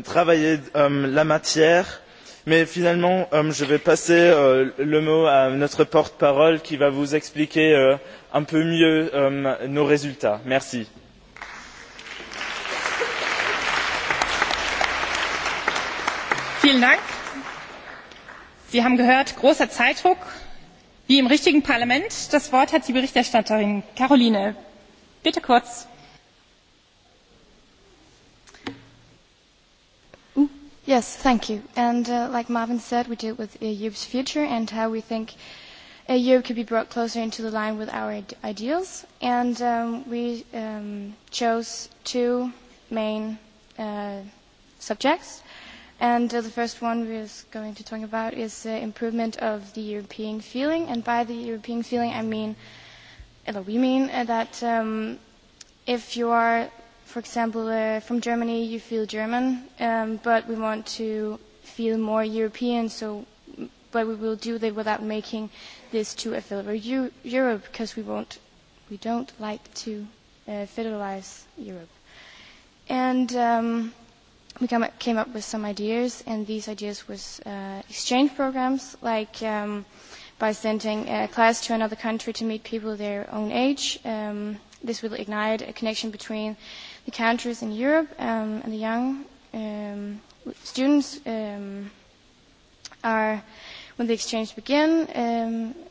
travailler la matière. Mais finalement, je vais passer le mot à notre porte-parole qui va vous expliquer un peu mieux nos résultats. Merci. Vielen Dank. Sie haben gehört, großer Zeitdruck. Wie im richtigen Parlament, das Wort hat die Berichterstatterin Caroline. Bitte kurz. Yes, thank you. And like Marvin said, we deal with EU's future and how we think EU could be brought closer into the line with our ideals. And um we um chose two main subjects And the first one we're going to talk about is the improvement of the European feeling. And by the European feeling, I mean, we mean that if you are, for example, from Germany, you feel German, but we want to feel more European, so but we will do that without making this too a filler Europe, because we won't, we don't like to federalize Europe. And we came up with some ideas, and these ideas was exchange programs, like um by sending a class to another country to meet people their own age. Um This will ignite a connection between the countries in Europe um and the young um students um are, when the exchange begin,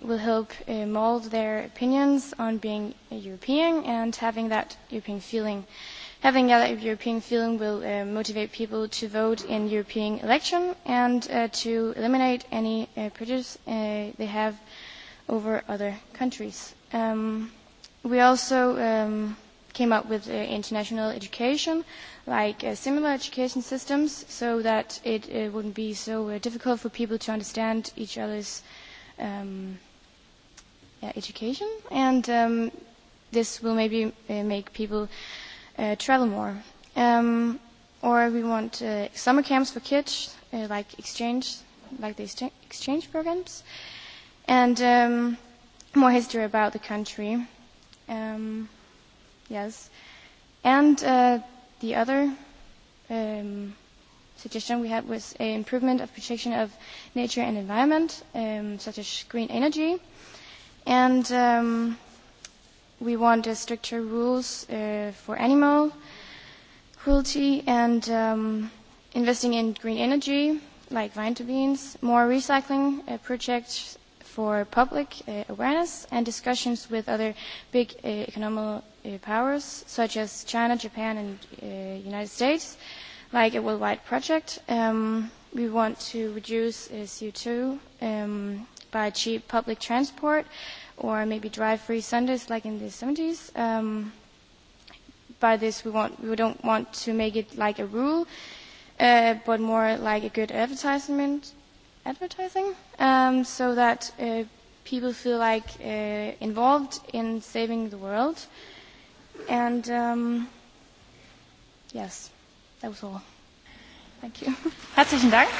will help mold their opinions on being a European and having that European feeling. Having a European feeling will motivate people to vote in European election and to eliminate any prejudice they have over other countries. We also came up with international education, like similar education systems, so that it wouldn't be so difficult for people to understand each other's education. And this will maybe make people travel more. Or we want summer camps for kids, like exchange, like the exchange programs, and more history about the country. Yes. And the other suggestion we had was an improvement of protection of nature and environment, such as green energy, and we want stricter rules for animal cruelty and investing in green energy like vine-to-beans, more recycling projects for public awareness and discussions with other big economic powers such as China, Japan and the United States, like a worldwide project. We want to reduce CO2 by cheap public transport or maybe drive-free Sundays like in the 70s. Um, by this, we, want, we don't want to make it like a rule, uh, but more like a good advertisement, advertising, um, so that uh, people feel like uh, involved in saving the world. And um, yes, that was all. Thank you. Herzlichen Dank.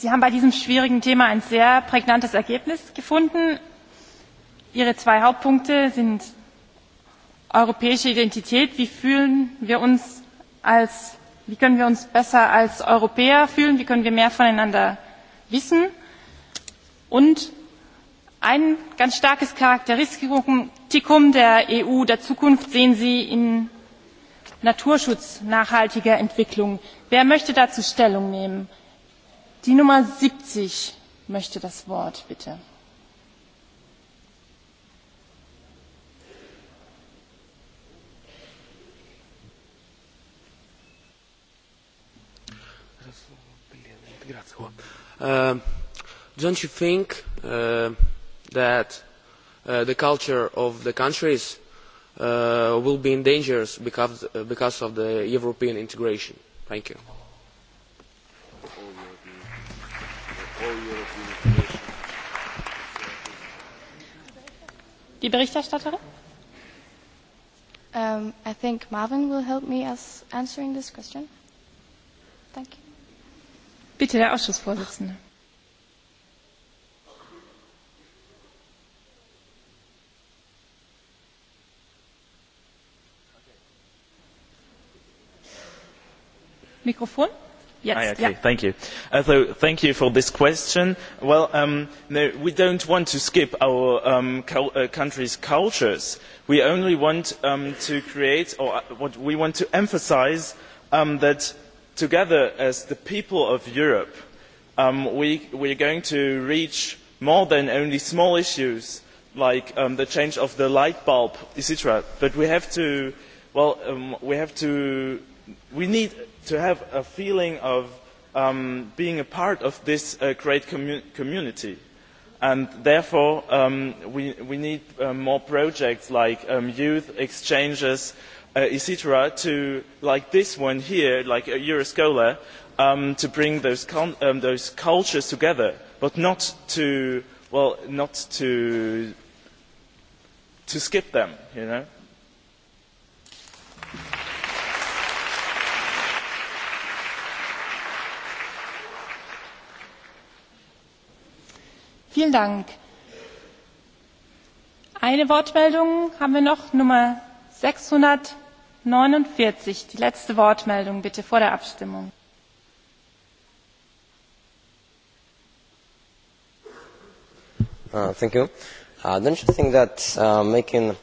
Sie haben bei diesem schwierigen Thema ein sehr prägnantes Ergebnis gefunden. Ihre zwei Hauptpunkte sind europäische Identität. Wie fühlen wir uns als, wie können wir uns besser als Europäer fühlen? Wie können wir mehr voneinander wissen? Und ein ganz starkes Charakteristikum der EU der Zukunft sehen Sie in Naturschutz nachhaltiger Entwicklung. Wer möchte dazu Stellung nehmen? Die Nummer 70 möchte das Wort, bitte. Don't you think that the culture of the countries will be in danger because of the European integration? Thank you. Die Berichterstatterin? Um, I think Marvin will help me as answering this question. Thank you. Bitte, der Ausschussvorsitzende. Mikrofon? Thank you. Thank you for this question. Well, um we don't want to skip our country's cultures. We only want to create, or what we want to um, that together as the people of Europe, um we are going to reach more than only small issues like the change of the light bulb, etc. But we have to, well, we have to we need to have a feeling of being a part of this great community and therefore we need more projects like youth exchanges etc. like this one here like Euroscola, to bring those cultures together but not to well not to skip them you know. Vielen Dank. Eine Wortmeldung haben wir noch, Nummer 649. Die letzte Wortmeldung bitte vor der Abstimmung. Thank you. Don't you think that making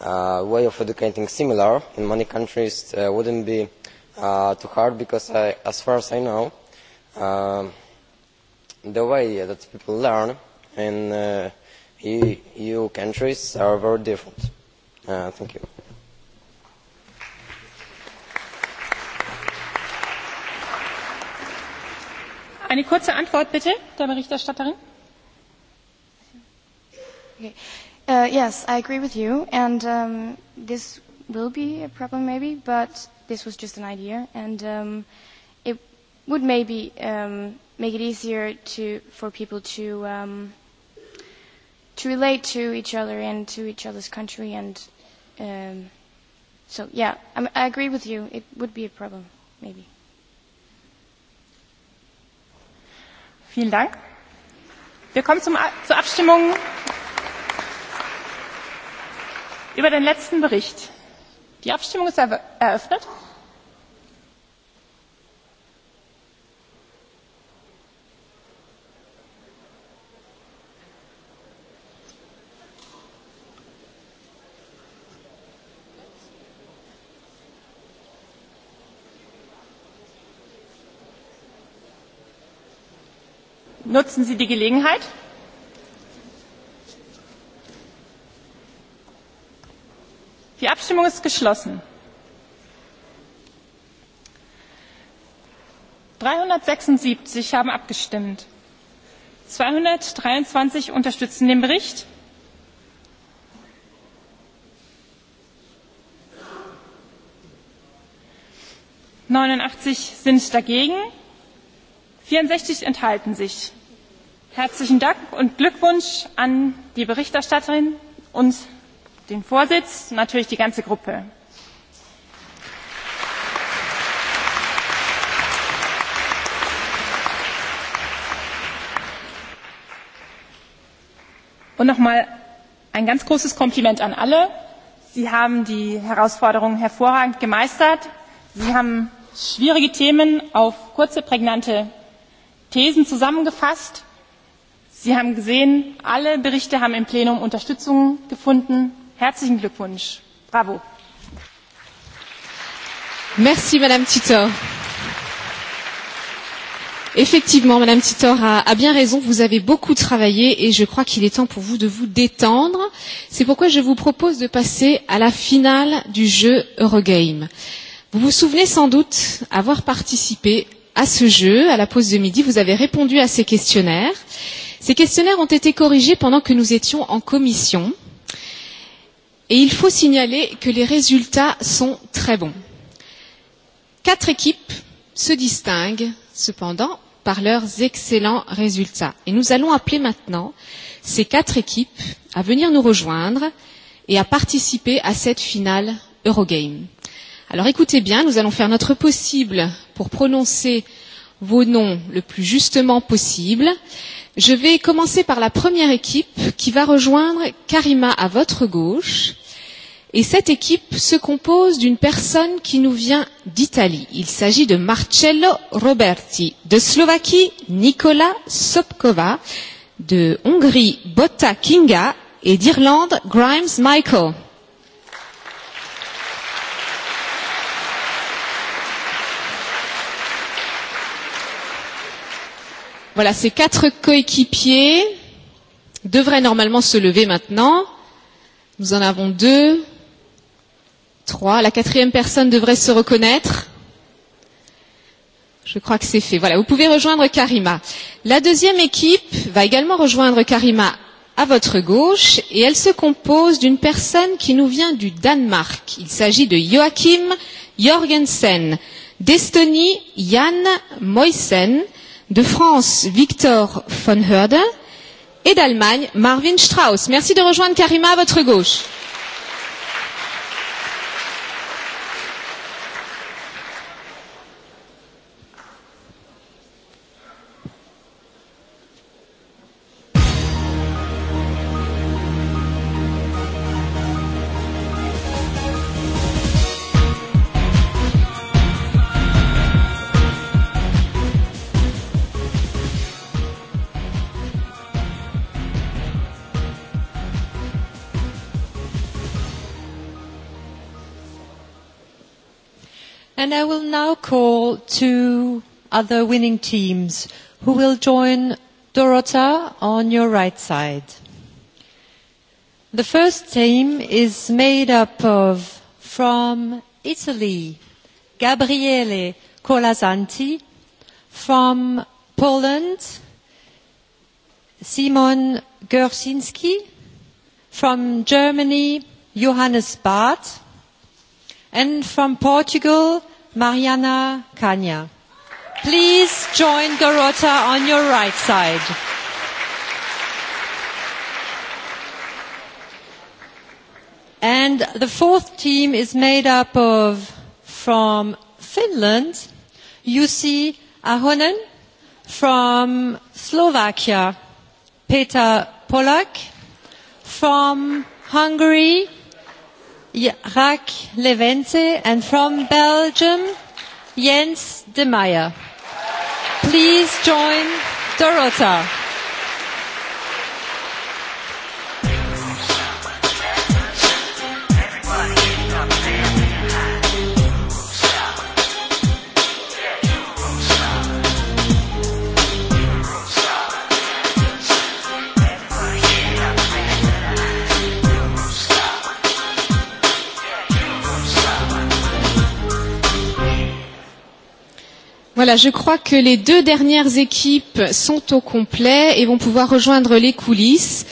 a way of educating similar in many countries wouldn't be too hard? Because as far as I know the way that people learn in EU countries are very different. Thank you. Eine kurze Antwort bitte der Berichterstatterin. Yes, I agree with you, and this will be a problem maybe, but this was just an idea, and it would maybe make it easier to for people to um, to relate to each other and to each other's country and um, so yeah I, I agree with you it would be a problem maybe vielen Dank wir kommen zum, zur Abstimmung über den letzten Bericht die Abstimmung ist eröffnet nutzen sie die gelegenheit die abstimmung ist geschlossen 376 haben abgestimmt 223 unterstützen den bericht neunundachtzig sind dagegen vierundsechzig enthalten sich. Herzlichen Dank und Glückwunsch an die Berichterstatterin und den Vorsitz, und natürlich die ganze Gruppe. Und noch einmal ein ganz großes Kompliment an alle. Sie haben die Herausforderungen hervorragend gemeistert. Sie haben schwierige Themen auf kurze, prägnante Thesen zusammengefasst Sie haben gesehen, alle Berichte haben im Plenum Unterstützung gefunden. Herzlichen Glückwunsch. Bravo. Merci, Madame Titor. Effectivement, Madame Titor a bien raison, vous avez beaucoup travaillé et je crois qu'il est temps pour vous de vous détendre. C'est pourquoi je vous propose de passer à la finale du jeu Eurogame. Vous vous souvenez sans doute avoir participé à ce jeu, à la pause de midi, vous avez répondu à ces questionnaires Ces questionnaires ont été corrigés pendant que nous étions en commission et il faut signaler que les résultats sont très bons. Quatre équipes se distinguent cependant par leurs excellents résultats et nous allons appeler maintenant ces quatre équipes à venir nous rejoindre et à participer à cette finale Eurogame. Alors écoutez bien, nous allons faire notre possible pour prononcer vos noms le plus justement possible. Je vais commencer par la première équipe qui va rejoindre Karima à votre gauche. Et cette équipe se compose d'une personne qui nous vient d'Italie. Il s'agit de Marcello Roberti, de Slovaquie, Nicola Sopkova, de Hongrie, Botta Kinga et d'Irlande, Grimes Michael. Voilà, ces quatre coéquipiers devraient normalement se lever maintenant. Nous en avons deux, trois. La quatrième personne devrait se reconnaître. Je crois que c'est fait. Voilà, vous pouvez rejoindre Karima. La deuxième équipe va également rejoindre Karima à votre gauche et elle se compose d'une personne qui nous vient du Danemark. Il s'agit de Joachim Jorgensen, d'Estonie Jan Moysen de France, Victor von Hörde, et d'Allemagne, Marvin Strauss. Merci de rejoindre Karima à votre gauche. And I will now call two other winning teams who will join Dorota on your right side. The first team is made up of, from Italy, Gabriele Colasanti, from Poland, Simon Gersinski, from Germany, Johannes Barth, and from Portugal, Mariana Cania. Please join Garota on your right side. And the fourth team is made up of, from Finland, Jussi Ahonen, from Slovakia, Peter Polak, from Hungary, Jacques Levente and from Belgium, Jens de Meyer. Please join Dorota. Voilà, je crois que les deux dernières équipes sont au complet et vont pouvoir rejoindre les coulisses.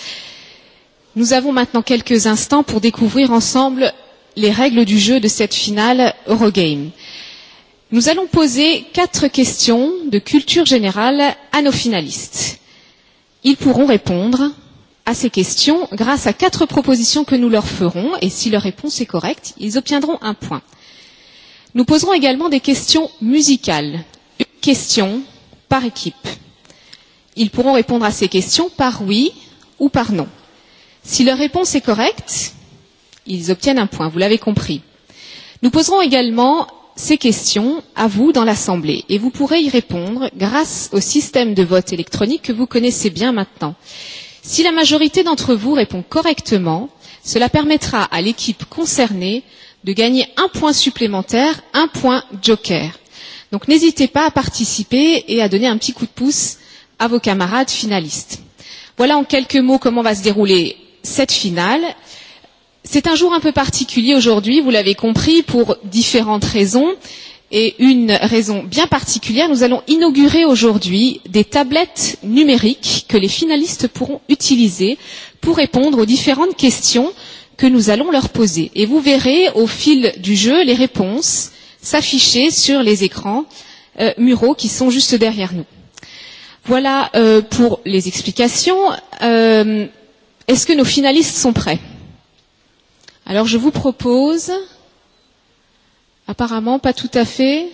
Nous avons maintenant quelques instants pour découvrir ensemble les règles du jeu de cette finale Eurogame. Nous allons poser quatre questions de culture générale à nos finalistes. Ils pourront répondre à ces questions grâce à quatre propositions que nous leur ferons et si leur réponse est correcte, ils obtiendront un point. Nous poserons également des questions musicales une question par équipe. Ils pourront répondre à ces questions par oui ou par non. Si leur réponse est correcte, ils obtiennent un point, vous l'avez compris. Nous poserons également ces questions à vous dans l'Assemblée et vous pourrez y répondre grâce au système de vote électronique que vous connaissez bien maintenant. Si la majorité d'entre vous répond correctement, cela permettra à l'équipe concernée de gagner un point supplémentaire, un point joker. Donc n'hésitez pas à participer et à donner un petit coup de pouce à vos camarades finalistes. Voilà en quelques mots comment va se dérouler cette finale. C'est un jour un peu particulier aujourd'hui, vous l'avez compris, pour différentes raisons. Et une raison bien particulière, nous allons inaugurer aujourd'hui des tablettes numériques que les finalistes pourront utiliser pour répondre aux différentes questions que nous allons leur poser. Et vous verrez au fil du jeu les réponses s'afficher sur les écrans muraux qui sont juste derrière nous. Voilà pour les explications. Est-ce que nos finalistes sont prêts Alors je vous propose. Apparemment, pas tout à fait.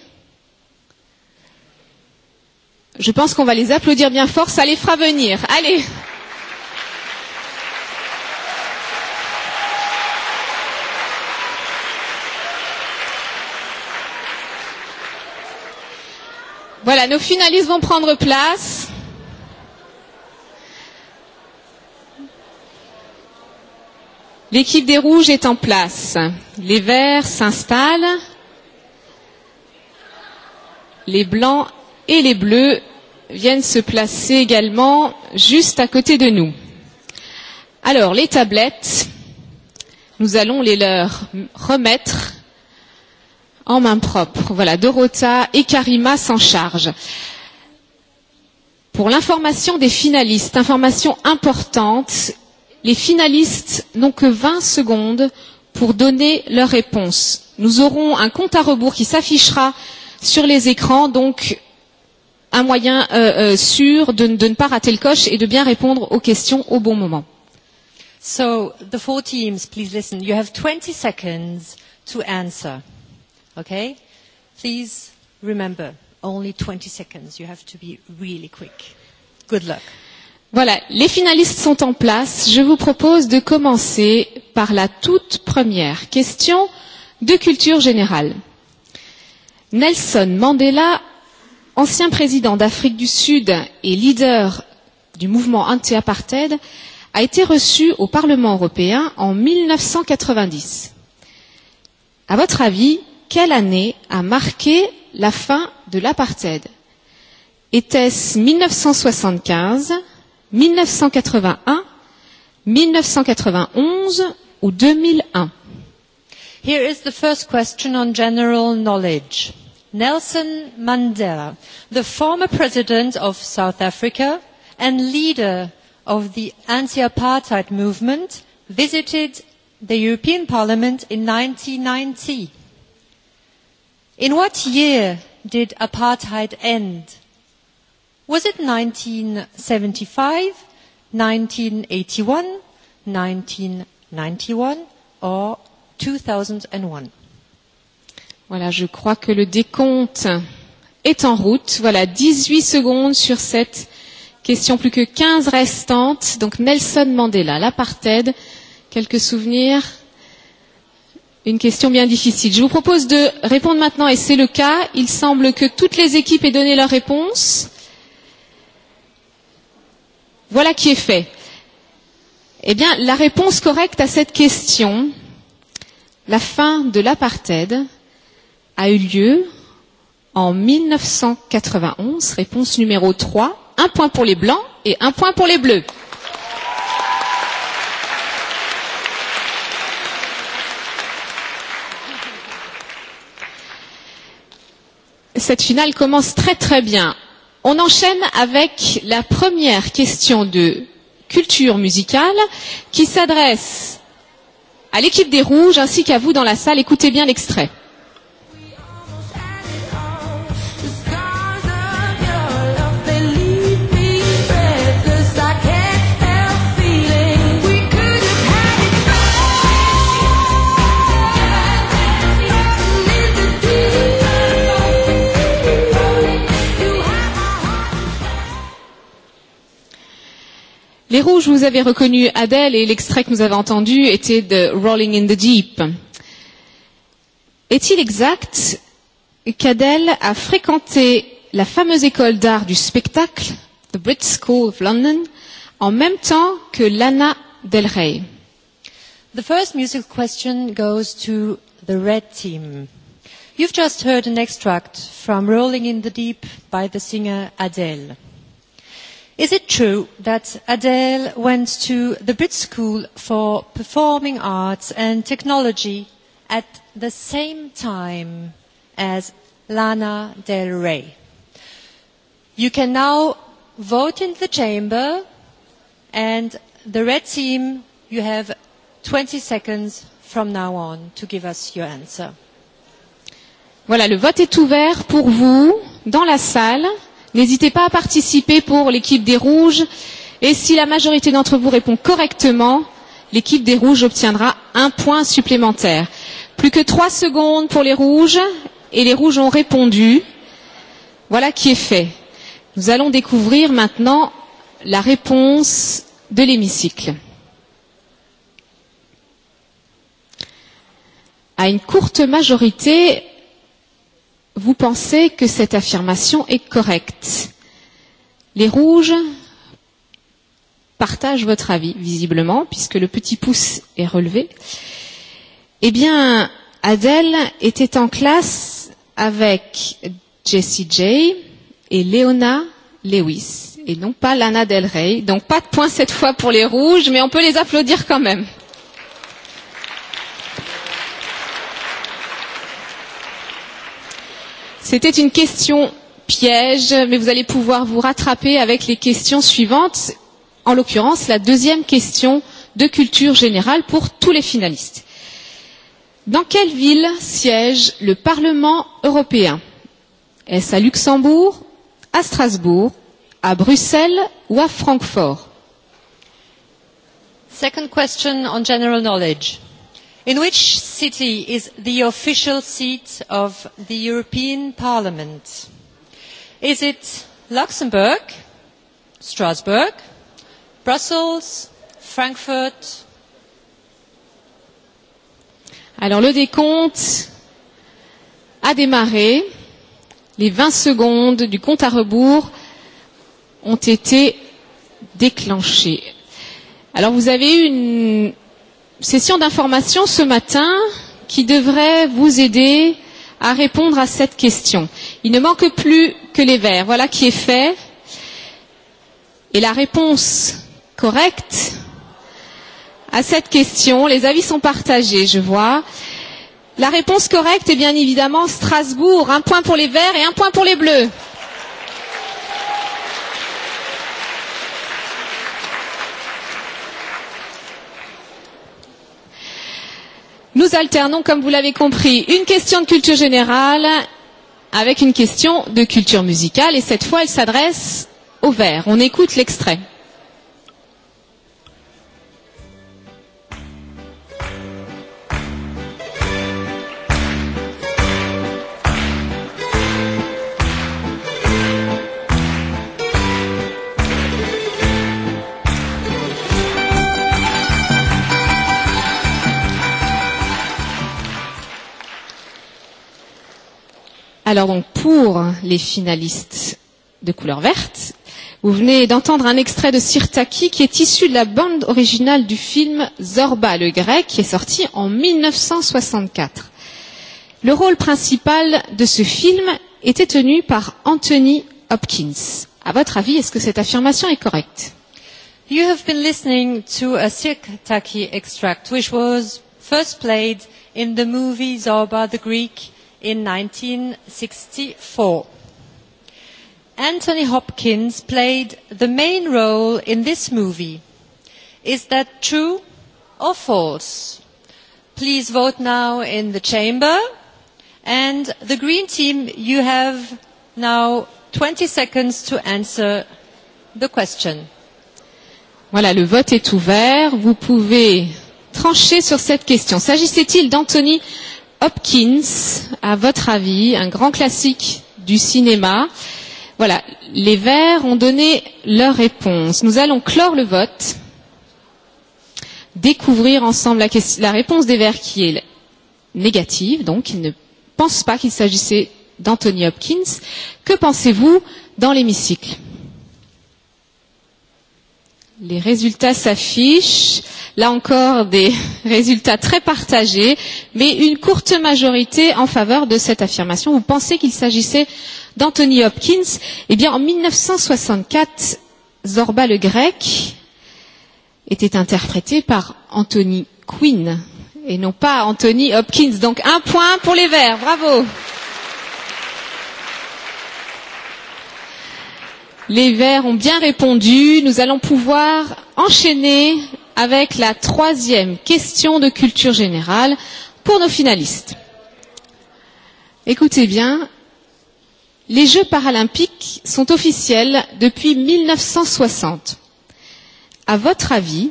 Je pense qu'on va les applaudir bien fort, ça les fera venir. Allez Voilà, nos finalistes vont prendre place. L'équipe des rouges est en place. Les verts s'installent. Les blancs et les bleus viennent se placer également juste à côté de nous. Alors, les tablettes, nous allons les leur remettre en main propre. Voilà, Dorota et Karima s'en charge. Pour l'information des finalistes, information importante, les finalistes n'ont que 20 secondes pour donner leur réponse. Nous aurons un compte à rebours qui s'affichera sur les écrans, donc un moyen sûr de ne pas rater le coche et de bien répondre aux questions au bon moment. So, the four teams, please listen. You have 20 seconds to answer. Okay? Please remember, only 20 seconds. You have to be really quick. Good luck. Voilà, les finalistes sont en place. Je vous propose de commencer par la toute première question de culture générale. Nelson Mandela, ancien président d'Afrique du Sud et leader du mouvement anti-apartheid, a été reçu au Parlement européen en 1990. À votre avis, quelle année a marqué la fin de l'apartheid Était-ce 1975, 1981, 1991 ou 2001 Here is the first question on general knowledge. Nelson Mandela, the former president of South Africa and leader of the anti-apartheid movement, visited the European Parliament in 1990. In what year did apartheid end? Was it 1975, 1981, 1991 or 2001? Voilà, je crois que le décompte est en route. Voilà, 18 secondes sur cette question, plus que 15 restantes. Donc Nelson Mandela, l'apartheid, quelques souvenirs Une question bien difficile. Je vous propose de répondre maintenant, et c'est le cas. Il semble que toutes les équipes aient donné leur réponse. Voilà qui est fait. Eh bien, la réponse correcte à cette question, la fin de l'apartheid, a eu lieu en 1991. Réponse numéro 3. Un point pour les blancs et un point pour les bleus. Cette finale commence très très bien. On enchaîne avec la première question de culture musicale qui s'adresse à l'équipe des Rouges ainsi qu'à vous dans la salle. Écoutez bien l'extrait. Les rouges, vous avez reconnu Adele et l'extrait que nous avons entendu était de Rolling in the Deep. Est-il exact qu'Adele a fréquenté la fameuse école d'art du spectacle, The Brit School of London, en même temps que Lana Del Rey The first musical question goes to the red team. You've just heard an extract from Rolling in the Deep by the singer Adele. Is it true that Adele went to the Brit School for Performing Arts and Technology at the same time as Lana Del Rey? You can now vote in the chamber and the red team, you have 20 seconds from now on to give us your answer. Voilà, le vote est ouvert pour vous dans la salle. N'hésitez pas à participer pour l'équipe des rouges et si la majorité d'entre vous répond correctement, l'équipe des rouges obtiendra un point supplémentaire. Plus que trois secondes pour les rouges et les rouges ont répondu. Voilà qui est fait. Nous allons découvrir maintenant la réponse de l'hémicycle. À une courte majorité, vous pensez que cette affirmation est correcte. Les rouges partagent votre avis, visiblement, puisque le petit pouce est relevé. Eh bien, Adèle était en classe avec Jessie J et Leona Lewis, et non pas Lana Del Rey. Donc pas de points cette fois pour les rouges, mais on peut les applaudir quand même. C'était une question piège, mais vous allez pouvoir vous rattraper avec les questions suivantes. En l'occurrence, la deuxième question de culture générale pour tous les finalistes. Dans quelle ville siège le Parlement européen Est-ce à Luxembourg, à Strasbourg, à Bruxelles ou à Francfort Second question on general knowledge. In which city is the official seat of the European Parliament? Is it Luxembourg, Strasbourg, Brussels, Frankfurt? Alors le décompte a démarré. Les 20 secondes du compte à rebours ont été déclenchées. Alors vous avez eu une session d'information ce matin qui devrait vous aider à répondre à cette question. Il ne manque plus que les verts. Voilà qui est fait. Et la réponse correcte à cette question, les avis sont partagés, je vois. La réponse correcte est bien évidemment Strasbourg. Un point pour les verts et un point pour les bleus. Nous alternons, comme vous l'avez compris, une question de culture générale avec une question de culture musicale. Et cette fois, elle s'adresse au vert. On écoute l'extrait. Alors donc pour les finalistes de couleur verte, vous venez d'entendre un extrait de Sirtaki qui est issu de la bande originale du film Zorba le grec qui est sorti en 1964. Le rôle principal de ce film était tenu par Anthony Hopkins. À votre avis, est-ce que cette affirmation est correcte You have been listening to a Sirtaki extract which was first played in the movie Zorba the Greek in 1964. Anthony Hopkins played the main role in this movie. Is that true or false? Please vote now in the chamber. And the green team, you have now 20 seconds to answer the question. Voilà, le vote est ouvert. Vous pouvez trancher sur cette question. S'agissait-il d'Anthony Hopkins, à votre avis, un grand classique du cinéma. Voilà, les verts ont donné leur réponse. Nous allons clore le vote, découvrir ensemble la, réponse des verts qui est négative, donc ils ne pensent pas qu'il s'agissait d'Anthony Hopkins. Que pensez-vous dans l'hémicycle Les résultats s'affichent. Là encore, des résultats très partagés, mais une courte majorité en faveur de cette affirmation. Vous pensez qu'il s'agissait d'Anthony Hopkins Eh bien, en 1964, Zorba le Grec était interprété par Anthony Quinn et non pas Anthony Hopkins. Donc un point pour les Verts. Bravo. Les verts ont bien répondu. Nous allons pouvoir enchaîner avec la troisième question de culture générale pour nos finalistes. Écoutez bien, les Jeux paralympiques sont officiels depuis 1960. À votre avis,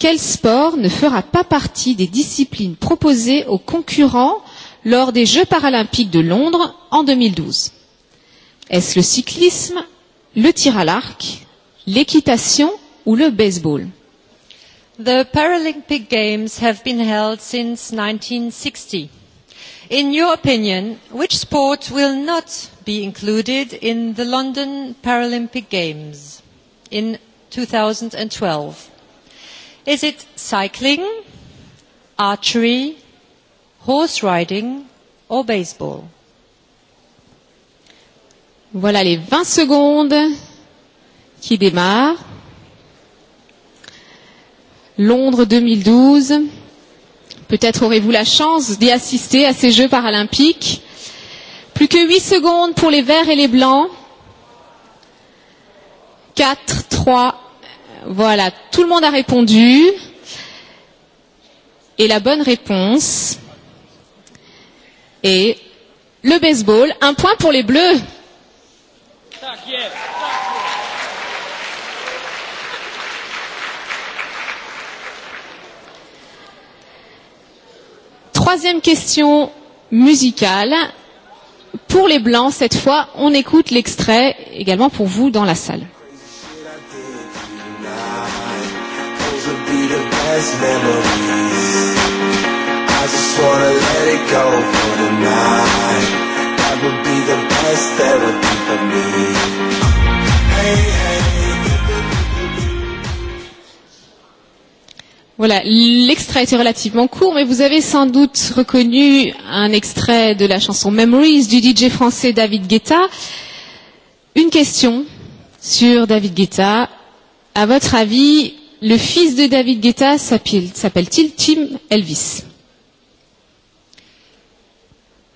quel sport ne fera pas partie des disciplines proposées aux concurrents lors des Jeux paralympiques de Londres en 2012 Est-ce le cyclisme le tir à l'arc, l'équitation ou le baseball. The Paralympic Games have been held since 1960. In your opinion, which sport will not be included in the London Paralympic Games in 2012? Is it cycling, archery, horse riding or baseball? Voilà les 20 secondes qui démarrent. Londres 2012. Peut-être aurez-vous la chance d'y assister à ces Jeux paralympiques. Plus que 8 secondes pour les verts et les blancs. 4, 3, voilà, tout le monde a répondu. Et la bonne réponse est le baseball. Un point pour les bleus. Troisième question musicale. Pour les blancs, cette fois, on écoute l'extrait également pour vous dans la salle. Voilà, l'extrait était relativement court, mais vous avez sans doute reconnu un extrait de la chanson Memories du DJ français David Guetta. Une question sur David Guetta. À votre avis, le fils de David Guetta s'appelle-t-il Tim Elvis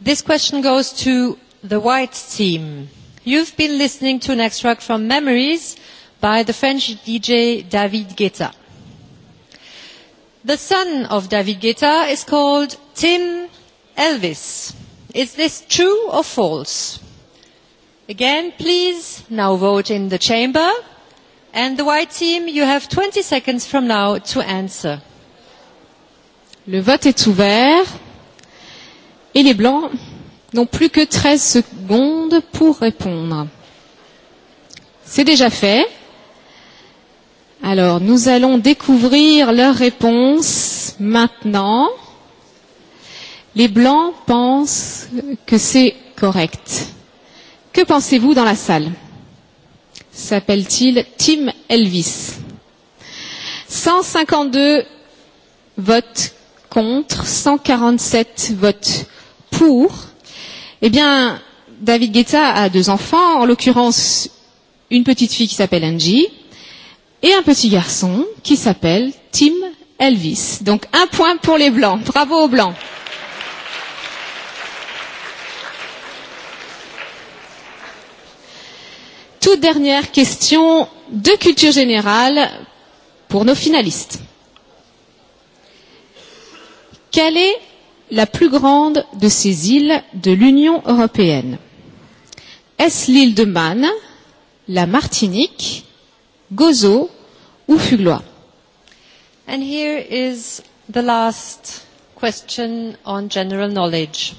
This question goes to the white team. You've been listening to an extract from Memories by the French DJ David Guetta. The son of David Guetta is called Tim Elvis. Is this true or false? Again, please now vote in the chamber. And the white team, you have 20 seconds from now to answer. Le vote est ouvert. Et les blancs n'ont plus que 13 secondes pour répondre. C'est déjà fait. Alors, nous allons découvrir leurs réponses maintenant. Les blancs pensent que c'est correct. Que pensez-vous dans la salle S'appelle-t-il Tim Elvis 152 votes contre, 147 votes pour Eh bien, David Guetta a deux enfants, en l'occurrence une petite fille qui s'appelle Angie et un petit garçon qui s'appelle Tim Elvis. Donc un point pour les Blancs. Bravo aux Blancs. Toute dernière question de culture générale pour nos finalistes. Quel est la plus grande de ces îles de l'Union européenne Est-ce l'île de Man, la Martinique, Gozo ou Fuglois And here is the last question on general knowledge.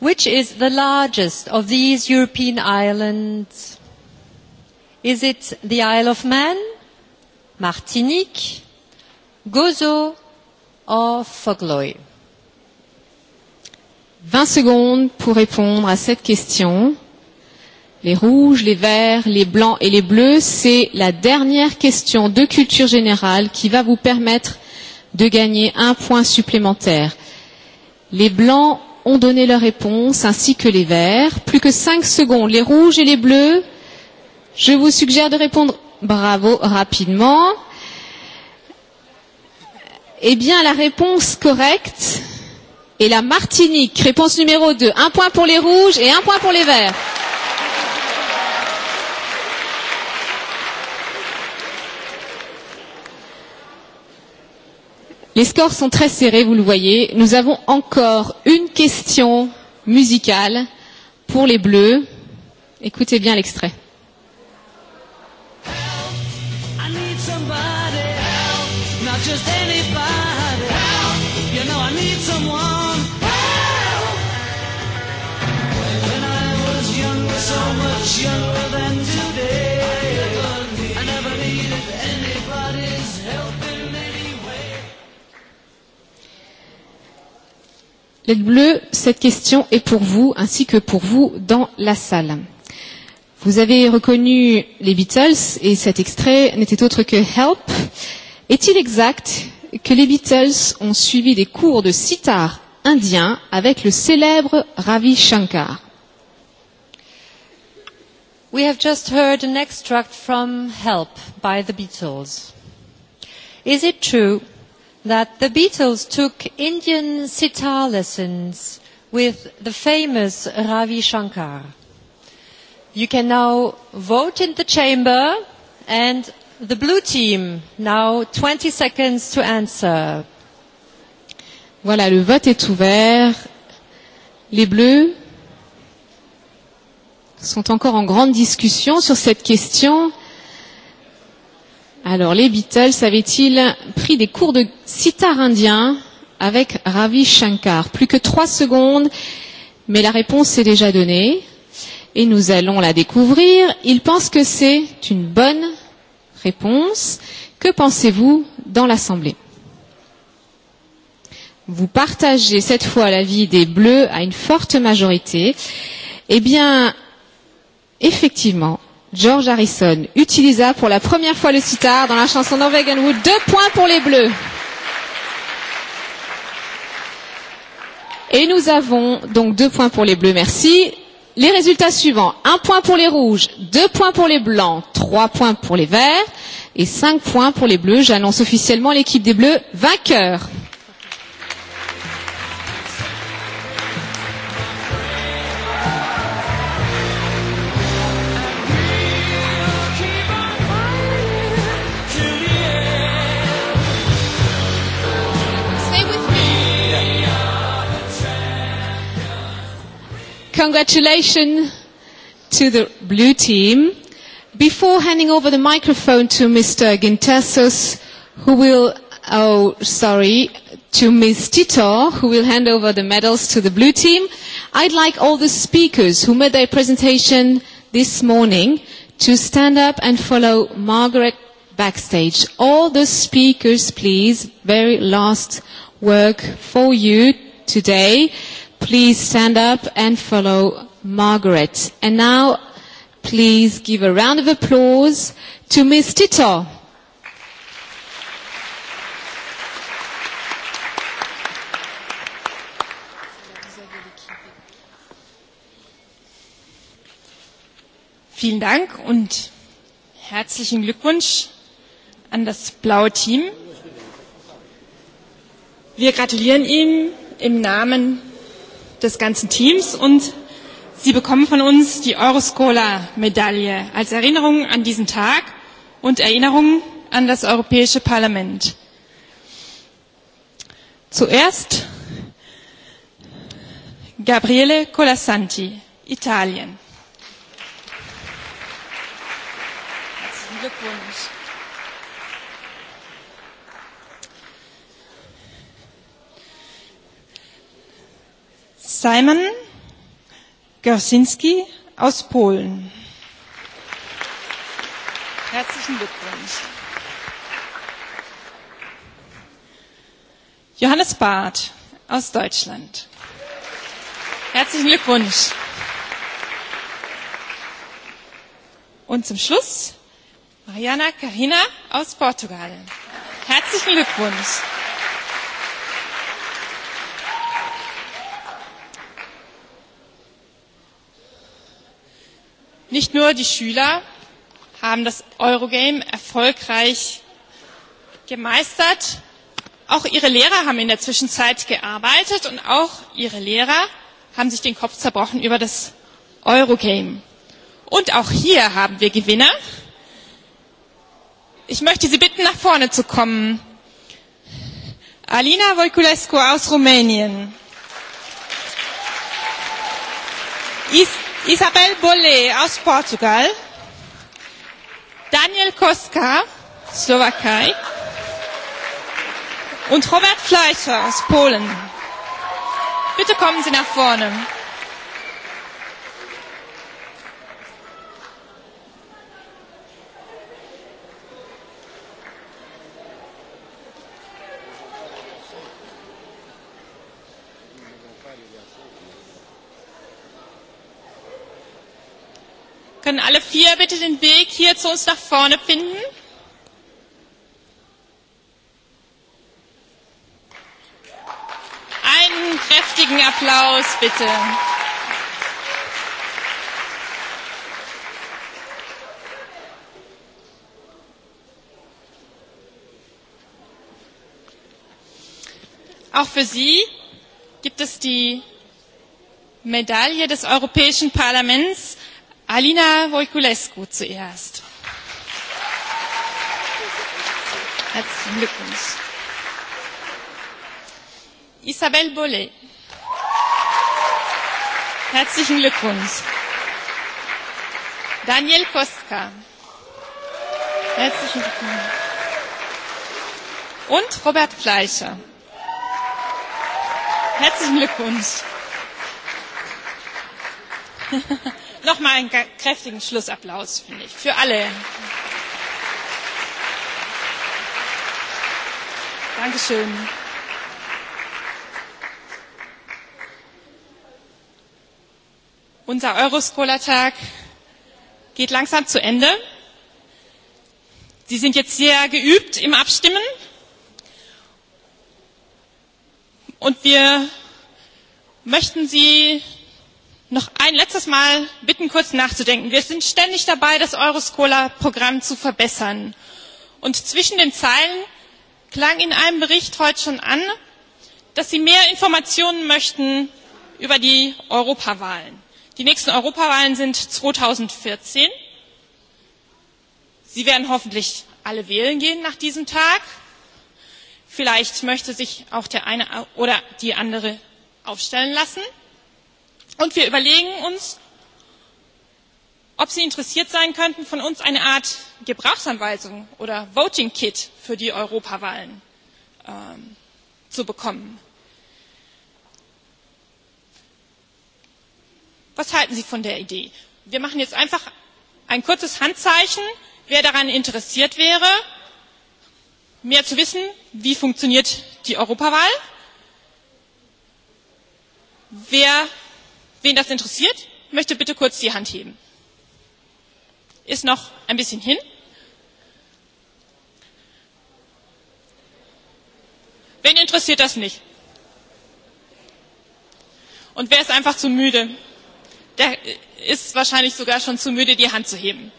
Which is the largest of these European islands? Is it the Isle of Man, Martinique, Gozo or Fogloy? 20 secondes pour répondre à cette question. Les rouges, les verts, les blancs et les bleus, c'est la dernière question de culture générale qui va vous permettre de gagner un point supplémentaire. Les blancs ont donné leur réponse, ainsi que les verts. Plus que 5 secondes, les rouges et les bleus. Je vous suggère de répondre bravo rapidement. Eh bien, la réponse correcte, et la Martinique. Réponse numéro 2. Un point pour les rouges et un point pour les verts. Les scores sont très serrés, vous le voyez. Nous avons encore une question musicale pour les bleus. Écoutez bien l'extrait. Les Bleus, cette question est pour vous ainsi que pour vous dans la salle. Vous avez reconnu les Beatles et cet extrait n'était autre que Help. Est-il exact que les Beatles ont suivi des cours de sitar indien avec le célèbre Ravi Shankar We have just heard an extract from Help by the Beatles. Is it true that the Beatles took Indian sitar lessons with the famous Ravi Shankar? You can now vote in the chamber and the blue team now 20 seconds to answer. Voilà, le vote est ouvert. Les bleus sont encore en grande discussion sur cette question. Alors, les Beatles avaient-ils pris des cours de sitar indien avec Ravi Shankar Plus que trois secondes, mais la réponse est déjà donnée. Et nous allons la découvrir. Ils pensent que c'est une bonne réponse. Que pensez-vous dans l'Assemblée Vous partagez cette fois l'avis des Bleus à une forte majorité. Eh bien, Effectivement, George Harrison utilisa pour la première fois le sitar dans la chanson Norwegian Wood. Deux points pour les Bleus. Et nous avons donc deux points pour les Bleus, merci. Les résultats suivants. Un point pour les Rouges, deux points pour les Blancs, trois points pour les Verts et cinq points pour les Bleus. J'annonce officiellement l'équipe des Bleus vainqueur. Congratulations to the blue team. Before handing over the microphone to Mr. Gintasos, who will, oh, sorry, to Ms. Tito, who will hand over the medals to the blue team, I'd like all the speakers who made their presentation this morning to stand up and follow Margaret backstage. All the speakers, please, very last work for you today please stand up and follow Margaret. And now, please give a round of applause to Miss Tito. Vielen Dank und herzlichen Glückwunsch an das blaue Team. Wir gratulieren Ihnen im Namen des ganzen Teams und Sie bekommen von uns die Euroscola-Medaille als Erinnerung an diesen Tag und Erinnerung an das Europäische Parlament. Zuerst Gabriele Colasanti, Italien. Simon Gersinski aus Polen. Herzlichen Glückwunsch. Johannes Barth aus Deutschland. Herzlichen Glückwunsch. Und zum Schluss Mariana Carina aus Portugal. Herzlichen Glückwunsch. Nicht nur die Schüler haben das Eurogame erfolgreich gemeistert, auch ihre Lehrer haben in der Zwischenzeit gearbeitet und auch ihre Lehrer haben sich den Kopf zerbrochen über das Eurogame. Und auch hier haben wir Gewinner. Ich möchte Sie bitten, nach vorne zu kommen. Alina Voiculescu aus Rumänien. Isabel Bolle aus Portugal, Daniel Koska, Slowakei und Robert Fleischer aus Polen. Bitte kommen Sie nach vorne. Können alle vier bitte den Weg hier zu uns nach vorne finden? Einen kräftigen Applaus bitte. Auch für Sie gibt es die Medaille des Europäischen Parlaments Alina Wojkulescu zuerst. Herzlichen Glückwunsch. Isabelle Bollet. Herzlichen Glückwunsch. Daniel Koska. Herzlichen Glückwunsch. Und Robert Fleischer. Herzlichen Glückwunsch. Nochmal einen kräftigen Schlussapplaus, finde ich, für alle. Dankeschön. Unser Euroscola-Tag geht langsam zu Ende. Sie sind jetzt sehr geübt im Abstimmen. Und wir möchten Sie noch ein letztes Mal bitten, kurz nachzudenken. Wir sind ständig dabei, das Euroscola-Programm zu verbessern. Und zwischen den Zeilen klang in einem Bericht heute schon an, dass Sie mehr Informationen möchten über die Europawahlen. Die nächsten Europawahlen sind 2014. Sie werden hoffentlich alle wählen gehen nach diesem Tag. Vielleicht möchte sich auch der eine oder die andere aufstellen lassen und wir überlegen uns ob sie interessiert sein könnten von uns eine art gebrauchsanweisung oder voting kit für die europawahlen zu bekommen. was halten sie von der idee? wir machen jetzt einfach ein kurzes handzeichen wer daran interessiert wäre mehr zu wissen wie funktioniert die europawahl funktioniert. Wen das interessiert, möchte bitte kurz die Hand heben. Ist noch ein bisschen hin. Wen interessiert das nicht? Und wer ist einfach zu müde? Der ist wahrscheinlich sogar schon zu müde, die Hand zu heben.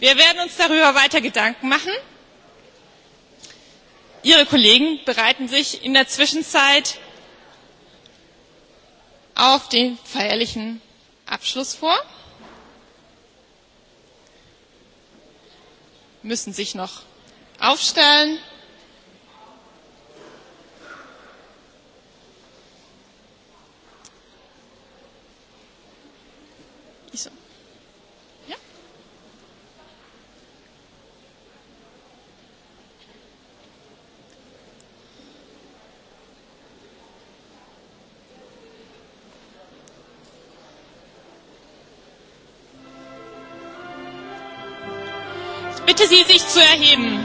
Wir werden uns darüber weiter Gedanken machen. Ihre Kollegen bereiten sich in der Zwischenzeit auf den feierlichen Abschluss vor. Müssen sich noch aufstellen. bitte Sie, sich zu erheben.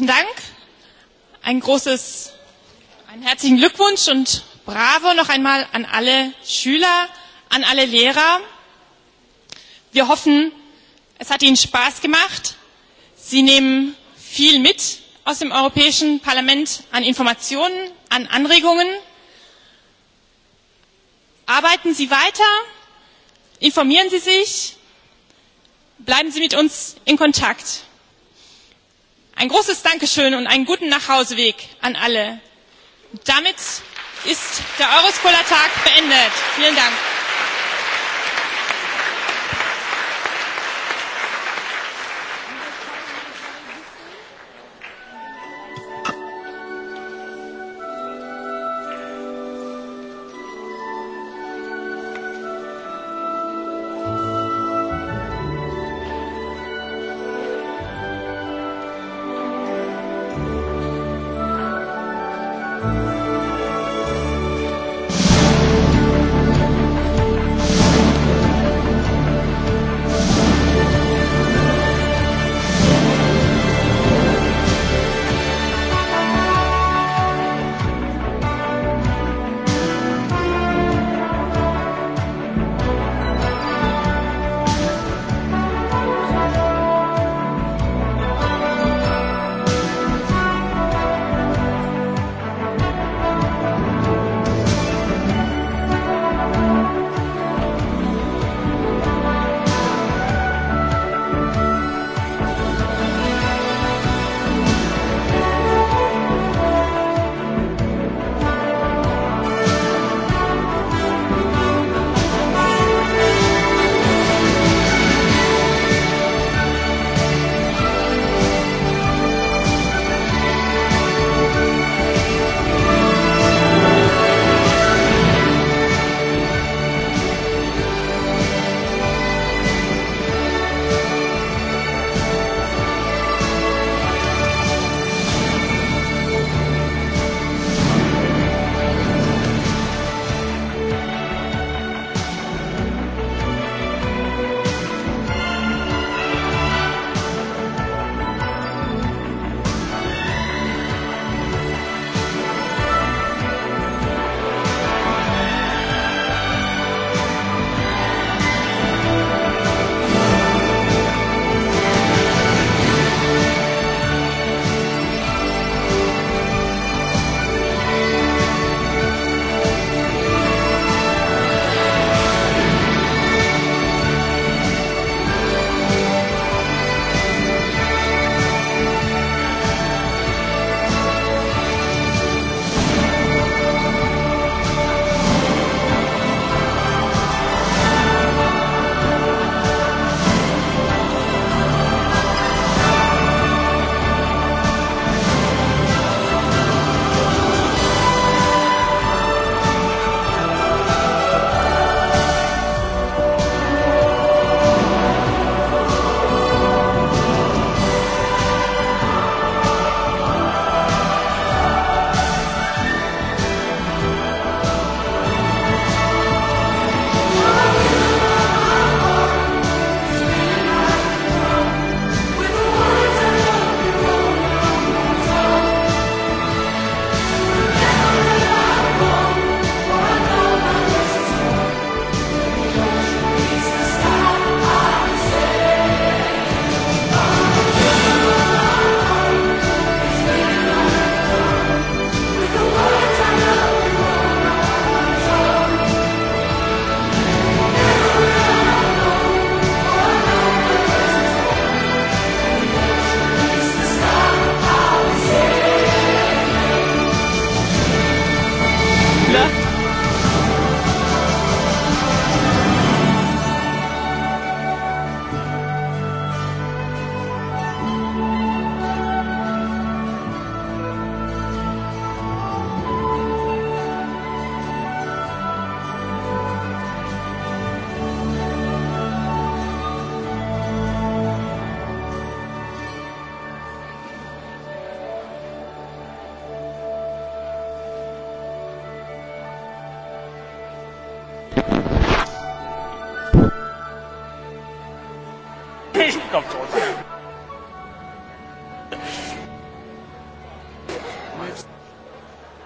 herzlichen Dank. Ein großes, einen herzlichen Glückwunsch und bravo noch einmal an alle Schüler, an alle Lehrer. Wir hoffen, es hat Ihnen Spaß gemacht. Sie nehmen viel mit aus dem Europäischen Parlament an Informationen, an Anregungen. Arbeiten Sie weiter, informieren Sie sich, bleiben Sie mit uns in Kontakt. Ein großes Dankeschön und einen guten Nachhauseweg an alle. Damit ist der euroskola beendet. Vielen Dank.